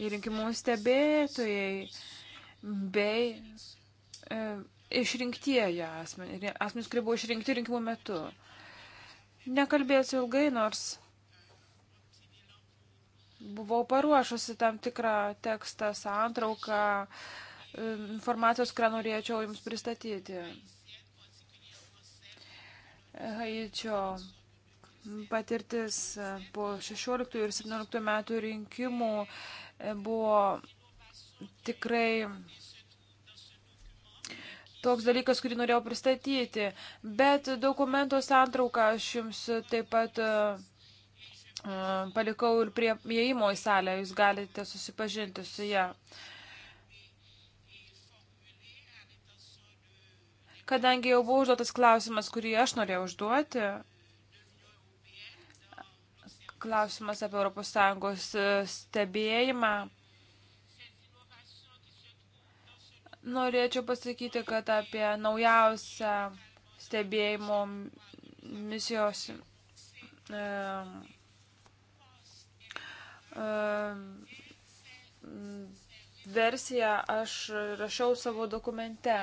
A: ir rinkimų stebėtojai, bei e, išrinktieji asmenys, asmenys, kurie buvo išrinkti rinkimų metu. Nekalbėsiu ilgai, nors buvau paruošusi tam tikrą tekstą, santrauką, informacijos, kurią norėčiau Jums pristatyti. Haičio patirtis po 16 ir 17 metų rinkimų buvo tikrai toks dalykas, kurį norėjau pristatyti. Bet dokumento santrauką aš jums taip pat e, e, palikau ir prie įėjimo į salę, jūs galite susipažinti su ją. Kadangi jau buvo užduotas klausimas, kurį aš norėjau užduoti, klausimas apie ES e, stebėjimą Norėčiau pasakyti, kad apie naujausią stebėjimo misijos e, e, versiją aš rašiau savo dokumente.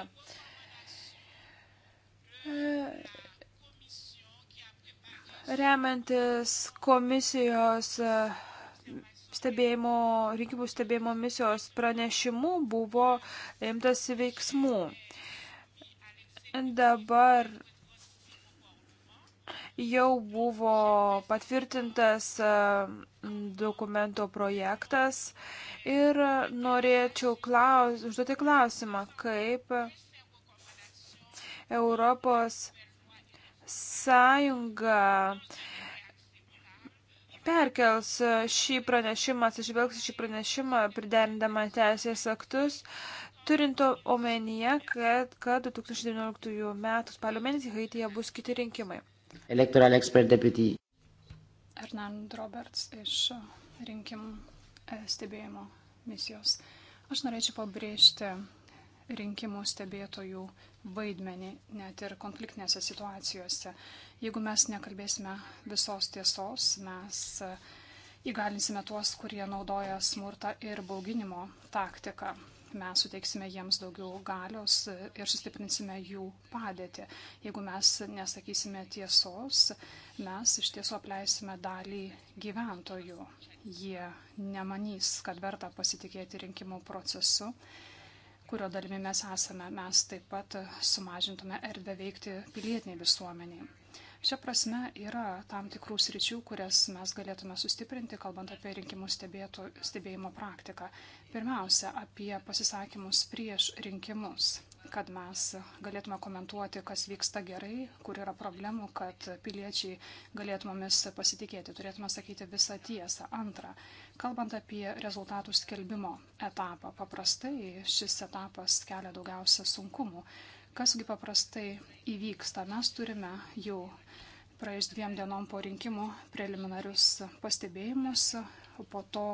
A: Remiantis komisijos e, stebėjimo, rinkimų stebėjimo misijos pranešimų buvo imtas veiksmų. Dabar jau buvo patvirtintas e, dokumento projektas ir norėčiau klaus, užduoti klausimą, kaip Europos Sąjunga perkels uh, šį pranešimą, atsižvelgs šį pranešimą, priderindama teisės aktus, turint omenyje, kad, kad 2019 metų spalio mėnesį Haityje bus kiti rinkimai. Electoral
B: expert deputy.
C: Hernand Roberts iš uh, rinkimų uh, stebėjimo misijos. Aš norėčiau pabrėžti rinkimų stebėtojų vaidmenį, net ir konfliktinėse situacijose. Jeigu mes nekalbėsime visos tiesos, mes e, įgalinsime tuos, kurie naudoja smurtą ir bauginimo taktiką. Mes suteiksime jiems daugiau galios e, ir sustiprinsime jų padėtį. Jeigu mes nesakysime tiesos, mes iš tiesų apleisime dalį gyventojų. Jie nemanys, kad verta pasitikėti rinkimų procesu kurio dalimi mes esame, mes taip pat sumažintume erdvę veikti pilietiniai visuomeniai. Šia prasme yra tam tikrų sričių, kurias mes galėtume sustiprinti, kalbant apie rinkimų stebėtų, stebėjimo praktiką. Pirmiausia, apie pasisakymus prieš rinkimus kad mes galėtume komentuoti, kas vyksta gerai, kur yra problemų, kad piliečiai galėtų mumis pasitikėti. Turėtume sakyti visą tiesą. Antra, Kalbant apie rezultatų skelbimo etapą, paprastai šis etapas kelia daugiausia sunkumų. Kasgi paprastai įvyksta, mes turime jau praėjus dviem dienom po rinkimų preliminarius pastebėjimus, po to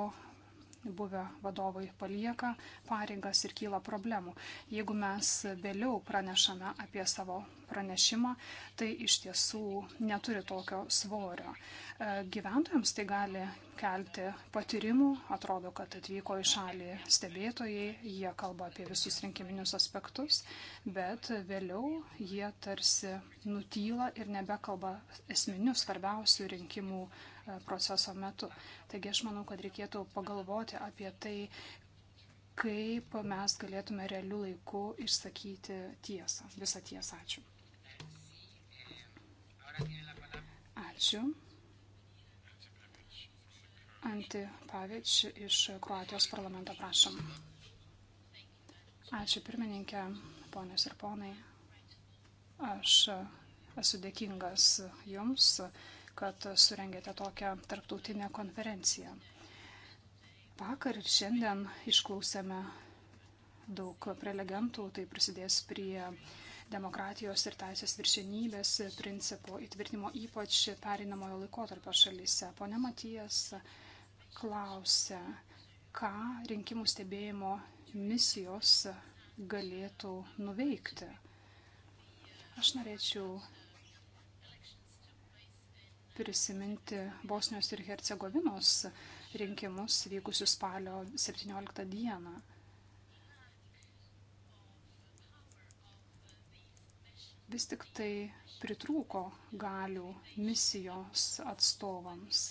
C: buvę vadovai palieka pareigas ir kyla problemų. Jeigu mes vėliau pranešame apie savo pranešimą, tai iš tiesų neturi tokio svorio. E, gyventojams tai gali kelti patyrimų, atrodo, kad atvyko į šalį stebėtojai, jie kalba apie visus rinkiminius aspektus, bet vėliau jie tarsi nutyla ir nebekalba esminių svarbiausių rinkimų e, proceso metu. Taigi aš manau, kad reikėtų pagalvoti apie tai, kaip mes galėtume realių laikų išsakyti tiesą, visą tiesą. Ačiū. Ačiū. Anti Pavič iš Kroatijos parlamento prašom. Ačiū pirmininkė, ponios ir ponai. Aš esu dėkingas Jums, kad surengėte tokią tarptautinę konferenciją. Vakar ir šiandien išklausėme daug prelegentų, tai prisidės prie uh, demokratijos ir teisės viršenybės principų įtvirtinimo ypač perinamojo laikotarpio šalyse. Pone Matijas klausė, ką rinkimų stebėjimo misijos galėtų nuveikti. Aš norėčiau prisiminti Bosnijos ir Hercegovinos rinkimus vykusius spalio 17 dieną. vis tik tai pritrūko galių misijos atstovams.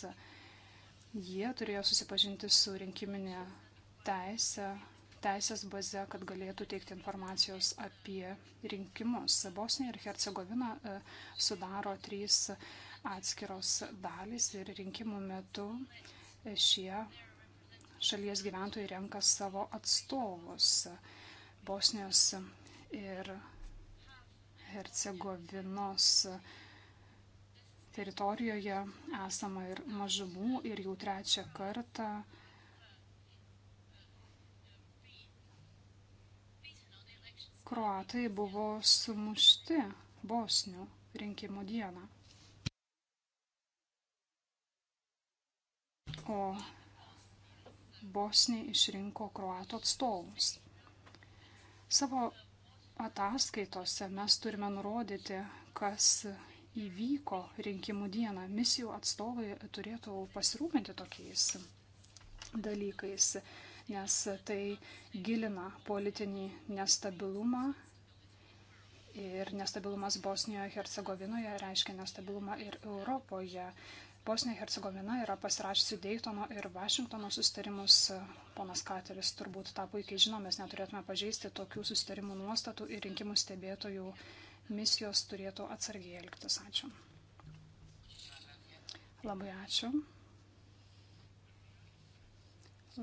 C: Jie turėjo susipažinti su rinkiminė teisė, teisės baze, kad galėtų teikti informacijos apie rinkimus. Bosnija ir Hercegovina e, sudaro trys atskiros dalys ir rinkimų metu šie šalies gyventojai renka savo atstovus. Bosnijos ir Hercegovinos teritorijoje esama ir mažumų ir jau trečią kartą kroatai buvo sumušti bosnių rinkimų dieną. O Bosniai išrinko kroatų atstovus. Savo ataskaitose mes turime nurodyti, kas įvyko rinkimų dieną. Misijų atstovai turėtų pasirūpinti tokiais dalykais, nes tai gilina politinį nestabilumą. Ir nestabilumas Bosnijoje, Hercegovinoje reiškia nestabilumą ir Europoje. Bosnija Hercegovina yra pasirašysi Daytono ir Vašingtono sustarimus. Ponas Kateris turbūt tą puikiai žino, mes neturėtume pažeisti tokių sustarimų nuostatų ir rinkimų stebėtojų misijos turėtų atsargiai elgtis. Ačiū. Labai ačiū.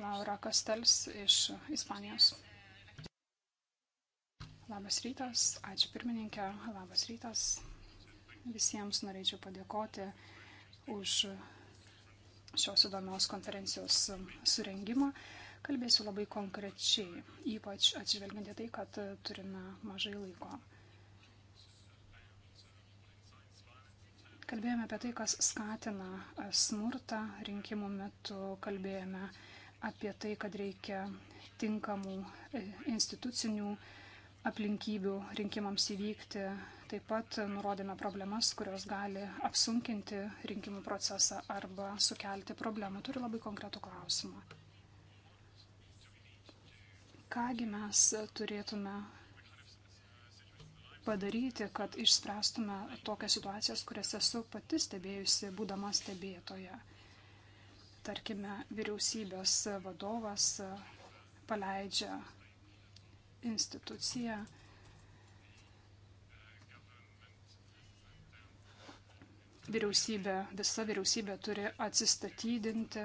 C: Laura Kastels iš Ispanijos. Labas rytas, ačiū pirmininkė, labas rytas. Visiems norėčiau padėkoti už šios įdomios konferencijos surengimą. Kalbėsiu labai konkrečiai, ypač atsižvelgiant į tai, kad turime mažai laiko. Kalbėjome apie tai, kas skatina smurtą rinkimų metu, kalbėjome apie tai, kad reikia tinkamų institucinių aplinkybių rinkimams įvykti. Taip pat nurodėme problemas, kurios gali apsunkinti rinkimų procesą arba sukelti problemų. Turiu labai konkretų klausimą. Kągi mes turėtume padaryti, kad išspręstume tokias situacijas, kurias esu pati stebėjusi, būdama stebėtoje. Tarkime, vyriausybės vadovas paleidžia institucija. Vyriausybė, visa vyriausybė turi atsistatydinti.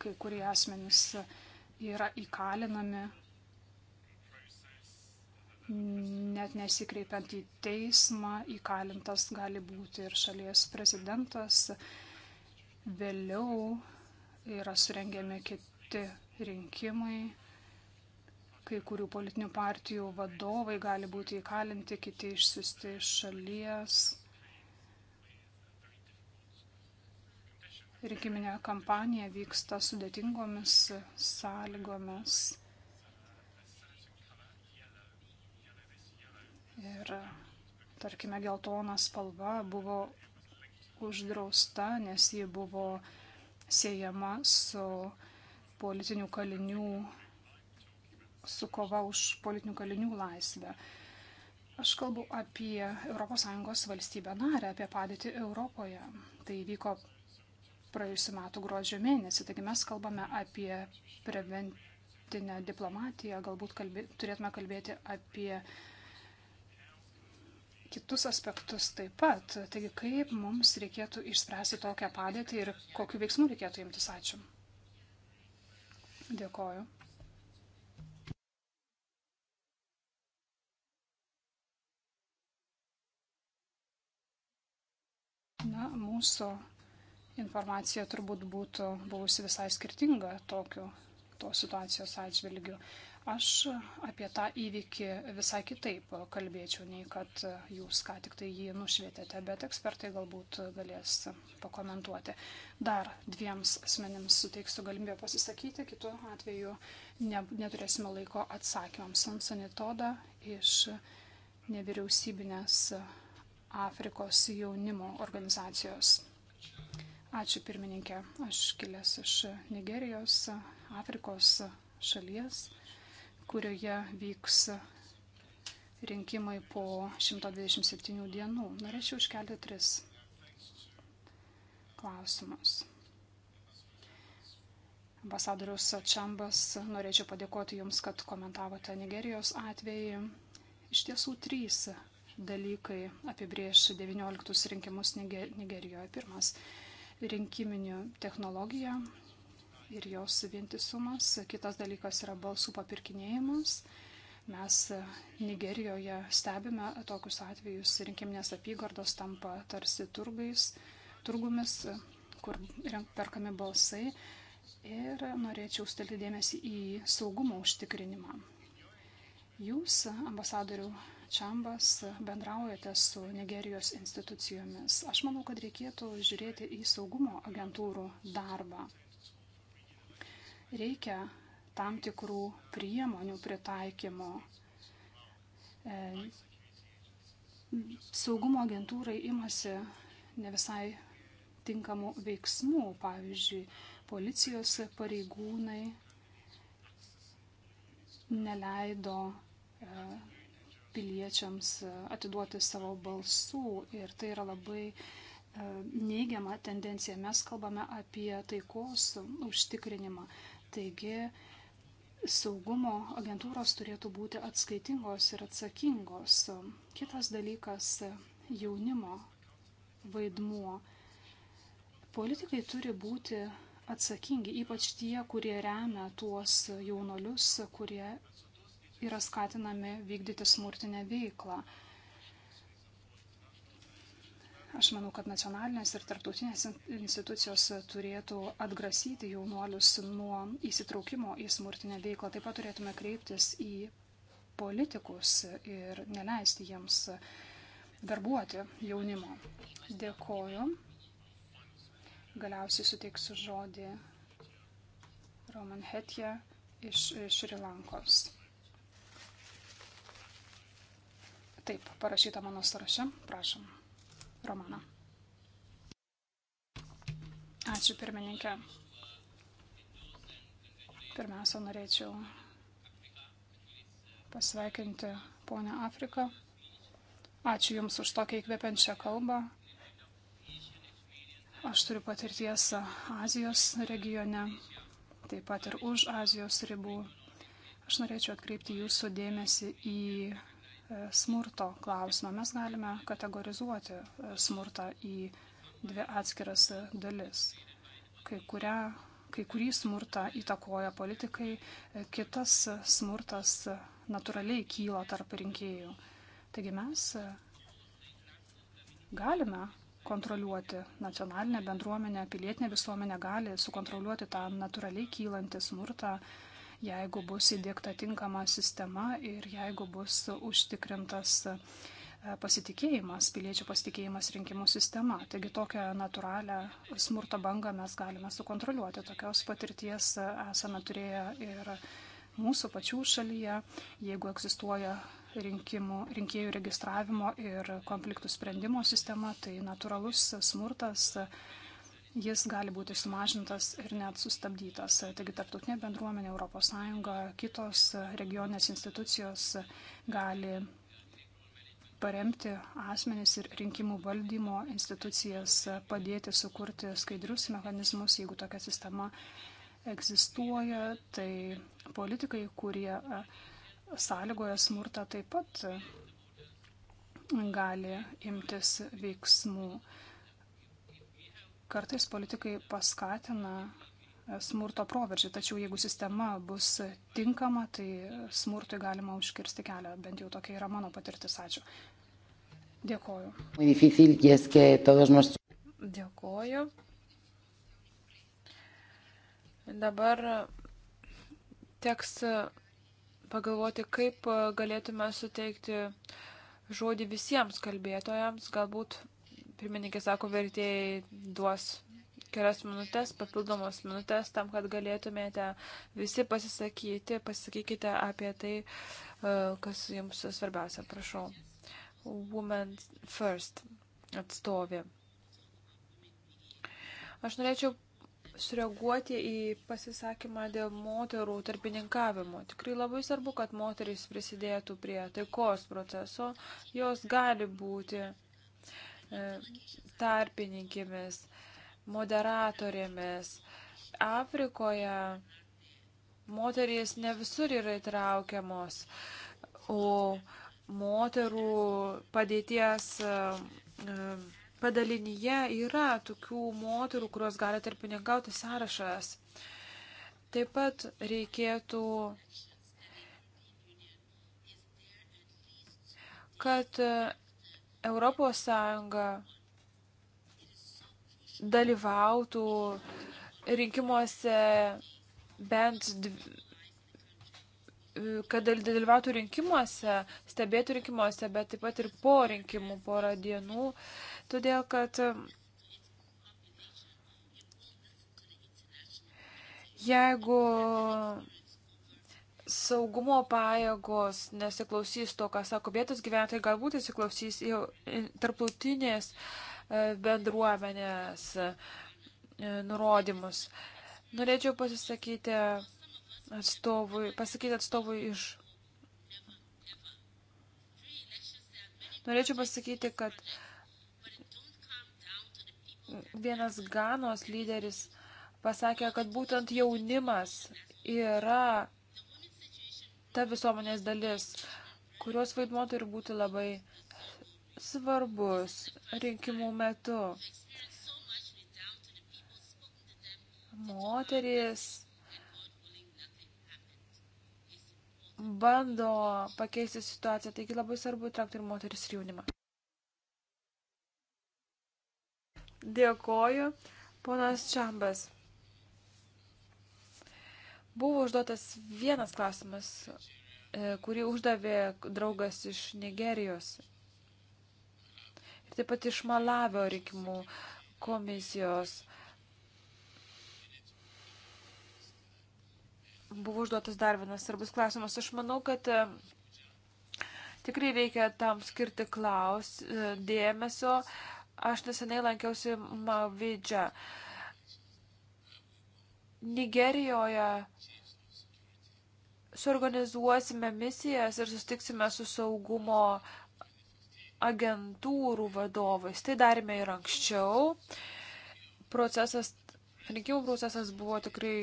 C: Kai kurie asmenys yra įkalinami, net nesikreipiant į teismą, įkalintas gali būti ir šalies prezidentas. Vėliau yra surengiami kiti rinkimai, kai kurių politinių partijų vadovai gali būti įkalinti, kiti išsiusti iš šalies. Rinkiminė kampanija vyksta sudėtingomis sąlygomis. Ir, tarkime, geltona spalva buvo uždrausta, nes ji buvo siejama su politinių kalinių, su kova už politinių kalinių laisvę. Aš kalbu apie ES valstybę narę, apie padėtį Europoje. Tai vyko praėjusiu metu gruodžio mėnesį, taigi mes kalbame apie preventinę diplomatiją, galbūt kalbė, turėtume kalbėti apie kitus aspektus taip pat. Taigi kaip mums reikėtų išspręsti tokią padėtį ir kokiu veiksmu reikėtų imtis. Ačiū. Dėkoju. Na, mūsų informacija turbūt būtų buvusi visai skirtinga tokiu, to situacijos atžvilgiu. Aš apie tą įvykį visai kitaip kalbėčiau, nei kad jūs ką tik tai jį nušvietėte, bet ekspertai galbūt galės pakomentuoti. Dar dviems asmenims suteiksiu galimybę pasisakyti, kitu atveju ne, neturėsime laiko atsakymams. Sansanitoda iš nevyriausybinės Afrikos jaunimo organizacijos. Ačiū pirmininkė, aš kilęs iš Nigerijos, Afrikos šalies kurioje vyks rinkimai po 127 dienų. Norėčiau iškelti tris klausimus. Ambasadorius Čambas, norėčiau padėkoti Jums, kad komentavote Nigerijos atvejį. Iš tiesų trys dalykai apibrieš 19 rinkimus Nigerijoje. Pirmas - rinkiminių technologija, ir jos vientisumas. Kitas dalykas yra balsų papirkinėjimas. Mes Nigerijoje stebime tokius atvejus, rinkiminės apygardos tampa tarsi turgais, turgumis, kur perkami balsai. Ir norėčiau stelti dėmesį į saugumo užtikrinimą. Jūs, ambasadorių Čiambas bendraujate su Nigerijos institucijomis. Aš manau, kad reikėtų žiūrėti į saugumo agentūrų darbą reikia tam tikrų priemonių pritaikymo. E, saugumo agentūrai imasi ne visai tinkamų veiksmų, pavyzdžiui, policijos pareigūnai neleido e, piliečiams atiduoti savo balsų ir tai yra labai e, neigiama tendencija. Mes kalbame apie taikos užtikrinimą. Taigi saugumo agentūros turėtų būti atskaitingos ir atsakingos. Kitas dalykas - jaunimo vaidmuo. Politikai turi būti atsakingi, ypač tie, kurie remia tuos jaunolius, kurie yra skatinami vykdyti smurtinę veiklą. Aš manau, kad nacionalinės ir tarptautinės institucijos turėtų atgrasyti jaunuolius nuo įsitraukimo į smurtinę veiklą. Taip pat turėtume kreiptis į politikus ir neleisti jiems darbuoti jaunimo. Dėkoju. Galiausiai suteiksiu žodį Roman Hetja iš Šri Lankos. Taip, parašyta mano sąraše. Prašom. Romana. Ačiū pirmininkė. Pirmiausia, norėčiau pasveikinti ponę Afriką. Ačiū Jums už tokią įkvepiančią kalbą. Aš turiu patirties Azijos regione, taip pat ir už Azijos ribų. Aš norėčiau atkreipti Jūsų dėmesį į E, smurto klausimą. Mes galime kategorizuoti e, smurtą į dvi atskiras dalis. Kai, kurią, kai kurį smurtą įtakoja politikai, e, kitas smurtas natūraliai kyla tarp rinkėjų. Taigi mes galime kontroliuoti nacionalinę bendruomenę, pilietinė visuomenė gali sukontroliuoti tą natūraliai kylantį smurtą jeigu bus įdėkta tinkama sistema ir jeigu bus užtikrintas e, pasitikėjimas, piliečių pasitikėjimas rinkimų sistema. Taigi tokią natūralią smurto bangą mes galime sukontroliuoti. Tokios patirties e, esame turėję ir mūsų pačių šalyje, jeigu egzistuoja rinkimų, rinkėjų registravimo ir konfliktų sprendimo sistema, tai natūralus smurtas jis gali būti sumažintas ir net sustabdytas. Taigi tarptautinė bendruomenė, ES, kitos regioninės institucijos gali paremti asmenis ir rinkimų valdymo institucijas, padėti sukurti skaidrius mechanizmus, jeigu tokia sistema egzistuoja, tai politikai, kurie sąlygoja smurtą, taip pat gali imtis veiksmų. Kartais politikai paskatina smurto proveržį, tačiau jeigu sistema bus tinkama, tai smurtui galima užkirsti kelią. Bent jau tokia yra mano patirtis. Ačiū. Dėkoju. Dėkoju.
A: Dabar teks pagalvoti, kaip galėtume suteikti žodį visiems kalbėtojams, galbūt Pirmininkė sako, vertėjai duos kelias minutės, papildomos minutės, tam, kad galėtumėte visi pasisakyti, pasisakykite apie tai, e, kas jums svarbiausia, prašau. Women First atstovė. Aš norėčiau sureaguoti į pasisakymą dėl moterų tarpininkavimo. Tikrai labai svarbu, kad moterys prisidėtų prie taikos proceso. Jos gali būti E, tarpininkėmis, moderatorėmis. Afrikoje moterys ne visur yra įtraukiamos, o moterų padėties e, padalinyje yra tokių moterų, kurios gali tarpininkauti sąrašas. Taip pat reikėtų, kad Europos Sąjunga dalyvautų rinkimuose bent dvi kad dalyvautų rinkimuose, stebėtų rinkimuose, bet taip pat ir po rinkimų porą dienų, todėl kad jeigu saugumo pajėgos nesiklausys to, ką sako vietos gyventojai, galbūt įsiklausys jau tarptautinės e, bendruomenės e, nurodymus. Norėčiau pasisakyti atstovui, pasakyti atstovui iš. Norėčiau pasakyti, kad vienas Ganos lyderis pasakė, kad būtent jaunimas yra ta visuomenės dalis, kurios vaidmuo turi būti labai svarbus rinkimų metu. Moterys bando pakeisti situaciją, taigi labai svarbu įtraukti ir moteris ir jaunimą. Dėkoju, ponas Čambas. Buvo užduotas vienas klausimas, e, kurį uždavė draugas iš Nigerijos ir taip pat iš Malavio rinkimų komisijos. Buvo užduotas dar vienas svarbus klausimas. Aš manau, kad e, tikrai reikia tam skirti klaus e, dėmesio. Aš nesenai lankiausi Mavidžą. Nigerijoje suorganizuosime misijas ir sustiksime su saugumo agentūrų vadovais. Tai darėme ir anksčiau. Procesas, rinkimų procesas buvo tikrai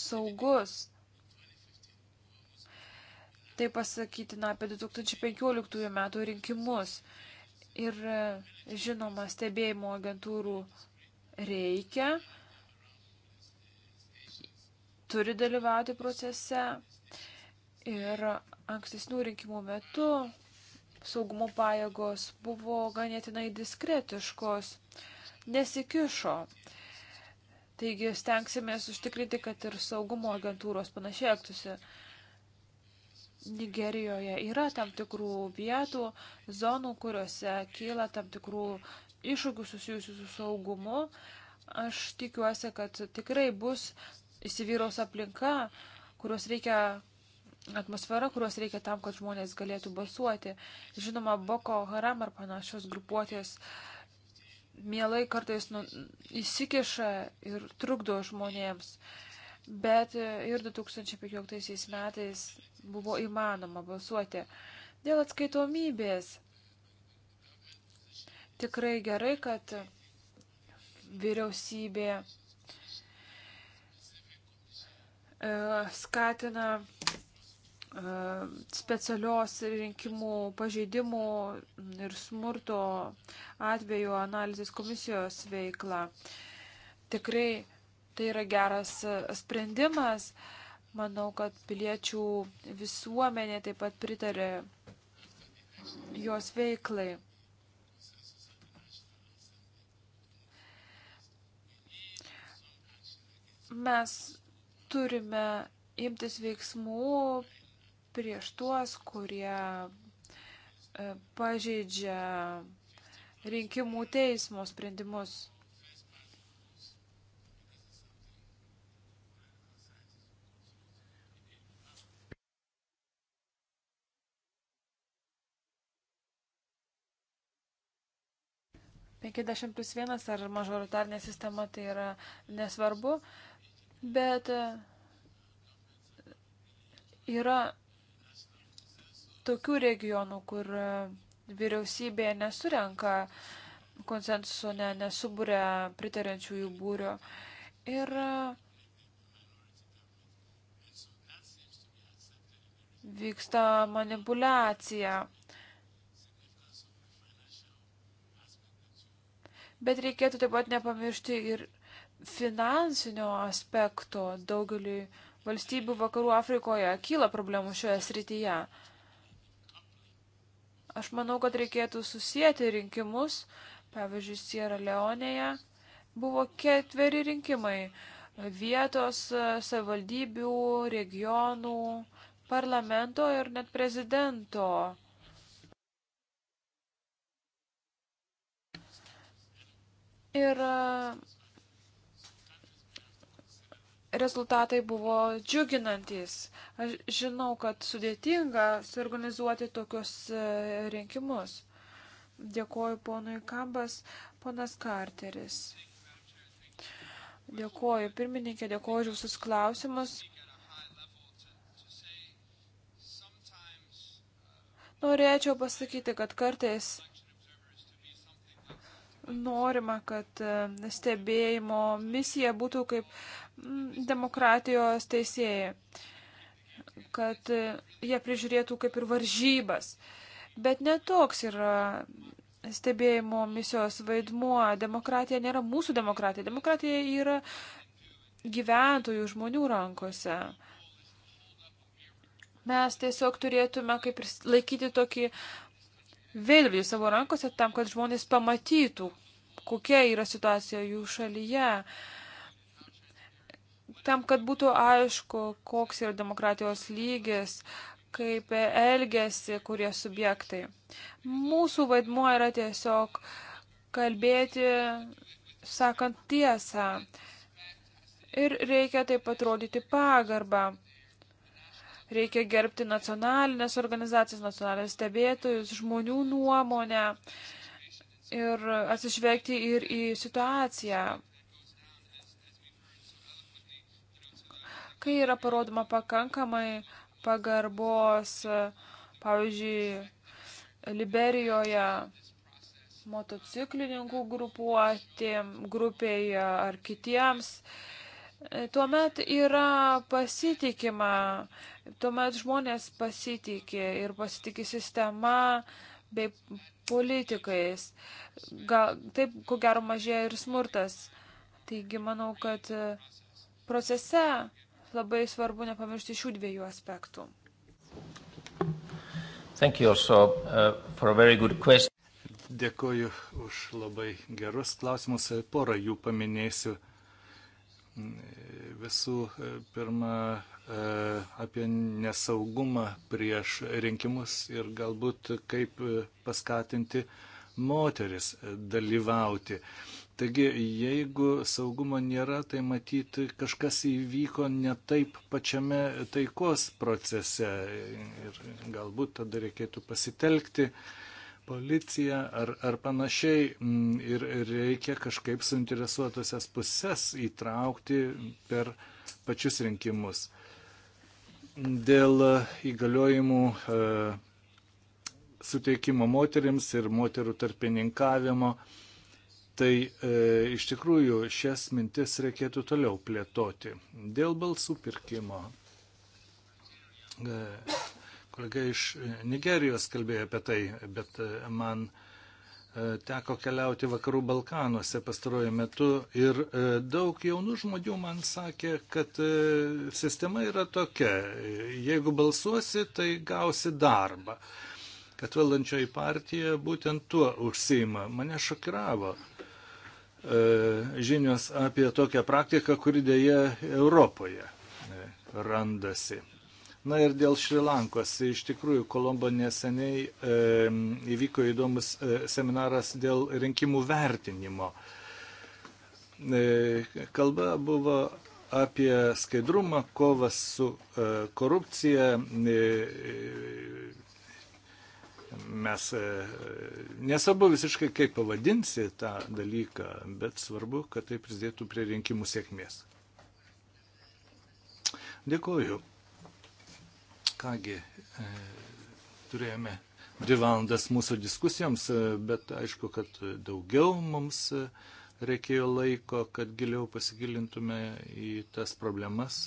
A: saugus. Tai pasakytina apie 2015 metų rinkimus. Ir žinoma, stebėjimo agentūrų reikia turi dalyvauti procese. Ir ankstesnių rinkimų metu saugumo pajėgos buvo ganėtinai diskretiškos, nesikišo. Taigi stengsimės užtikrinti, kad ir saugumo agentūros panašiai aktusi. Nigerijoje yra tam tikrų vietų, zonų, kuriuose kyla tam tikrų iššūkių susijusių su saugumu. Aš tikiuosi, kad tikrai bus įsivyraus aplinka, kurios reikia atmosfera, kurios reikia tam, kad žmonės galėtų balsuoti. Žinoma, Boko Haram ar panašios grupuotės mielai kartais nu, įsikiša ir trukdo žmonėms. Bet ir 2015 metais buvo įmanoma balsuoti dėl atskaitomybės. Tikrai gerai, kad vyriausybė E, skatina e, specialios rinkimų pažeidimų ir smurto atveju analizės komisijos veikla. Tikrai tai yra geras sprendimas. Manau, kad piliečių visuomenė taip pat pritarė jos veiklai. Mes turime imtis veiksmų prieš tuos, kurie e, pažeidžia rinkimų teismo sprendimus. Penkiasdešimt plus vienas ar mažoritarinė sistema tai yra nesvarbu. E, bet e, yra tokių regionų, kur e, vyriausybė nesurenka konsensuso, ne, nesuburia pritarančiųjų būrio. Ir e, vyksta manipulacija. Bet reikėtų taip pat nepamiršti ir finansinio aspekto daugeliui valstybių vakarų Afrikoje kyla problemų šioje srityje. Aš manau, kad reikėtų susijęti rinkimus. Pavyzdžiui, Sierra Leonėje buvo ketveri rinkimai vietos e, savivaldybių, regionų, parlamento ir net prezidento. Ir e, rezultatai buvo džiuginantis. Aš žinau, kad sudėtinga suorganizuoti tokius e, rinkimus. Dėkoju ponui Kambas, ponas Karteris. Dėkoju pirmininkė, dėkoju už visus klausimus. Norėčiau pasakyti, kad kartais norima, kad e, stebėjimo misija būtų kaip demokratijos teisėjai, kad jie prižiūrėtų kaip ir varžybas. Bet netoks yra stebėjimo misijos vaidmuo. Demokratija nėra mūsų demokratija. Demokratija yra gyventojų žmonių rankose. Mes tiesiog turėtume kaip ir laikyti tokį vėliavį savo rankose tam, kad žmonės pamatytų, kokia yra situacija jų šalyje. Uh, tam, kad būtų aišku, koks yra demokratijos lygis, kaip elgesi kurie subjektai. Mūsų vaidmuo yra tiesiog kalbėti, sakant tiesą. Ir reikia taip pat rodyti pagarbą. Reikia gerbti nacionalinės organizacijas, nacionalinės stebėtojus, žmonių nuomonę ir atsižvelgti ir į situaciją kai yra parodoma pakankamai pagarbos, pavyzdžiui, Liberijoje motociklininkų grupuotėm, grupėje ar kitiems, e, tuomet yra pasitikima, tuomet žmonės pasitikė ir pasitikė sistema bei politikais. Gal, taip, ko gero, mažėja ir smurtas. Taigi, manau, kad e, procese labai svarbu nepamiršti šių dviejų aspektų.
C: Also, uh,
B: Dėkoju už labai gerus klausimus. Porą jų paminėsiu. Visų e, pirma, e, apie nesaugumą prieš rinkimus ir galbūt kaip e, paskatinti moteris dalyvauti. Uh, Taigi, jeigu saugumo nėra, tai matyti kažkas įvyko ne taip pačiame taikos procese ir galbūt tada reikėtų pasitelkti policiją ar, ar panašiai. Ir reikia kažkaip suinteresuotosias puses įtraukti per pačius rinkimus. Dėl įgaliojimų e, suteikimo moteriams ir moterų tarpininkavimo e, Tai e, iš tikrųjų šias mintis reikėtų toliau plėtoti. Dėl balsų pirkimo. E, kolega iš Nigerijos kalbėjo apie tai, bet e, man e, teko keliauti vakarų Balkanuose pastaruoju metu ir e, daug jaunų žmonių man sakė, kad sistema yra tokia, jeigu balsuosi, tai gausi darbą, kad valdančioji partija būtent tuo užsima. Mane šokiravo E, žinios apie tokią praktiką, kuri dėja Europoje e, randasi. Na ir dėl Šrilankos. Iš tikrųjų, Kolombo neseniai e, įvyko įdomus e, seminaras dėl rinkimų vertinimo. E, kalba buvo apie skaidrumą, kovas su e, korupcija, e, Mes e, nesabu visiškai kaip pavadinsi tą dalyką, bet svarbu, kad tai prisidėtų prie rinkimų sėkmės. Dėkuoju. Kągi, e, turėjome dvi valandas mūsų diskusijoms, e, bet aišku, kad daugiau mums reikėjo laiko, kad giliau pasigilintume į tas problemas.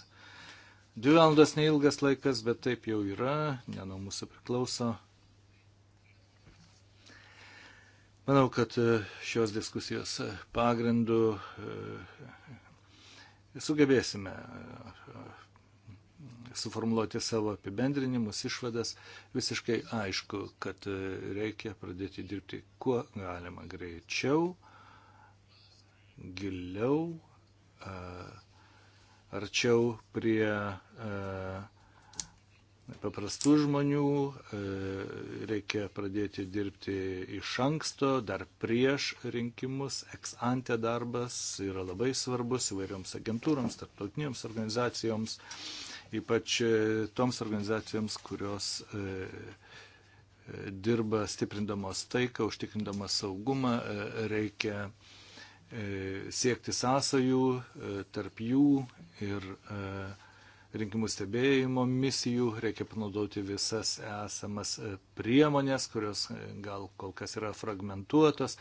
B: Dvi valandos neilgas laikas, bet taip jau yra, ne nuo mūsų priklauso. Manau, kad e, šios diskusijos e, pagrindu e, sugebėsime suformuoluoti savo apibendrinimus, išvadas, visiškai aišku, kad reikia pradėti dirbti kuo galima greičiau, giliau, arčiau prie uh, paprastų žmonių, e, reikia pradėti dirbti iš anksto, dar prieš rinkimus, eksante darbas yra labai svarbus įvairioms agentūroms, tarptautinėms organizacijoms, ypač e, toms organizacijoms, kurios e, dirba stiprindamos taiką, užtikrindamos saugumą, reikia siekti sąsajų tarp jų ir uh, rinkimų stebėjimo misijų, reikia panaudoti visas esamas e, priemonės, kurios e, gal kol kas yra fragmentuotos.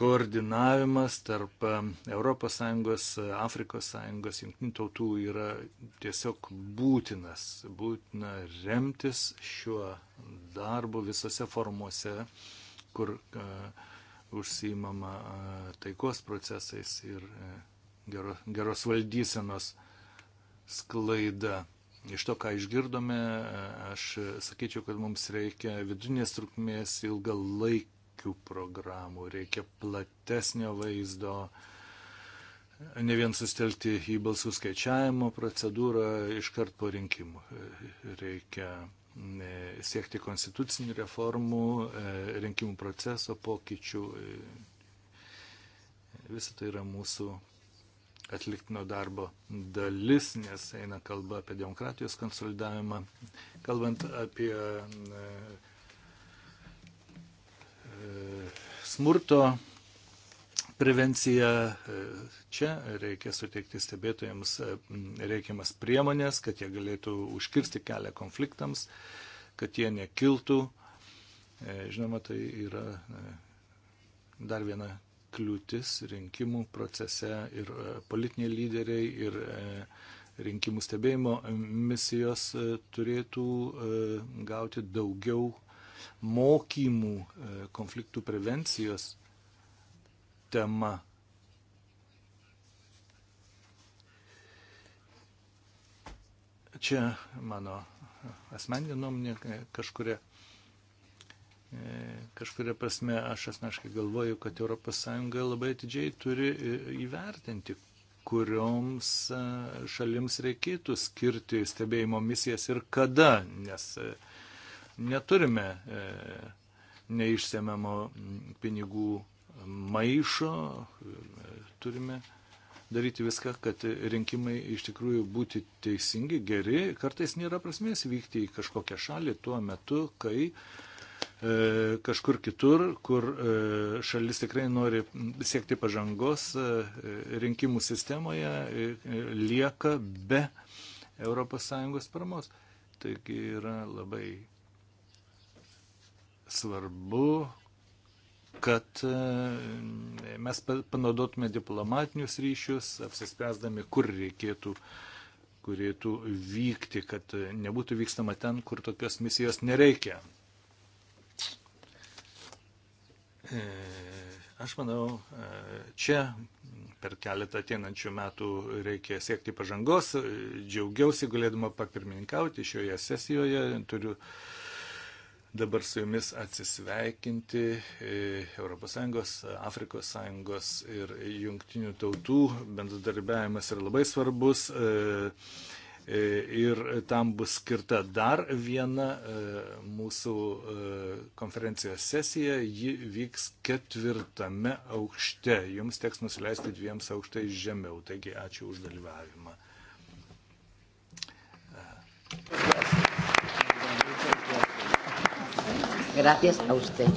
B: Koordinavimas tarp ES, e, Afrikos Sąjungos, jungtinių tautų yra tiesiog būtinas. Būtina remtis šiuo darbu visose formuose, kur uh, užsiimama uh, taikos procesais ir uh, geros, geros valdysenos uh, sklaida. Iš to, ką išgirdome, aš sakyčiau, kad mums reikia vidurinės trukmės ilgalaikių programų, reikia platesnio vaizdo, ne vien sustelti į balsų skaičiavimo procedūrą iškart po rinkimų. Reikia e, siekti konstitucinių reformų, e, rinkimų proceso pokyčių. E, Visą tai yra mūsų atliktino darbo dalis, nes eina kalba apie demokratijos konsolidavimą. Kalbant apie e, smurto prevenciją, e, čia reikia suteikti stebėtojams e, reikiamas priemonės, kad jie galėtų užkirsti kelią konfliktams, kad jie nekiltų. Žinoma, tai yra dar viena kliūtis rinkimų procese ir e, politiniai lyderiai, ir e, rinkimų stebėjimo e, misijos turėtų gauti daugiau mokymų konfliktų prevencijos tema. Čia mano asmeninė nuomonė, kažkuria E, kažkuria prasme aš asmeniškai galvoju, kad ES labai atidžiai turi e, įvertinti, kurioms e, šalims reikėtų skirti stebėjimo misijas ir kada, nes neturime neišsiemiamo pinigų maišo, turime daryti viską, kad rinkimai iš tikrųjų būti teisingi, geri. Kartais nėra prasmės vykti į kažkokią šalį tuo metu, kai uh, E, kažkur kitur, kur e, šalis tikrai nori siekti pažangos e, rinkimų sistemoje, lieka be ES paramos. Taigi yra labai svarbu, kad mes panaudotume diplomatinius ryšius, apsispręsdami, kur reikėtų kurėtų vykti, kad nebūtų vykstama ten, kur tokios misijos nereikia. E, aš manau, e, čia per keletą ateinančių metų reikia siekti pažangos. E, džiaugiausi galėdama papirmininkauti šioje sesijoje. Turiu dabar su jumis atsisveikinti ES, Afrikos sąjungos ir jungtinių tautų bendradarbiavimas yra labai svarbus. E, E, ir tam bus skirta dar viena e, mūsų e, konferencijos sesija. Ji vyks ketvirtame aukšte. Jums teks nusileisti dviems aukštais žemiau. Taigi ačiū už dalyvavimą. Gracias a usted.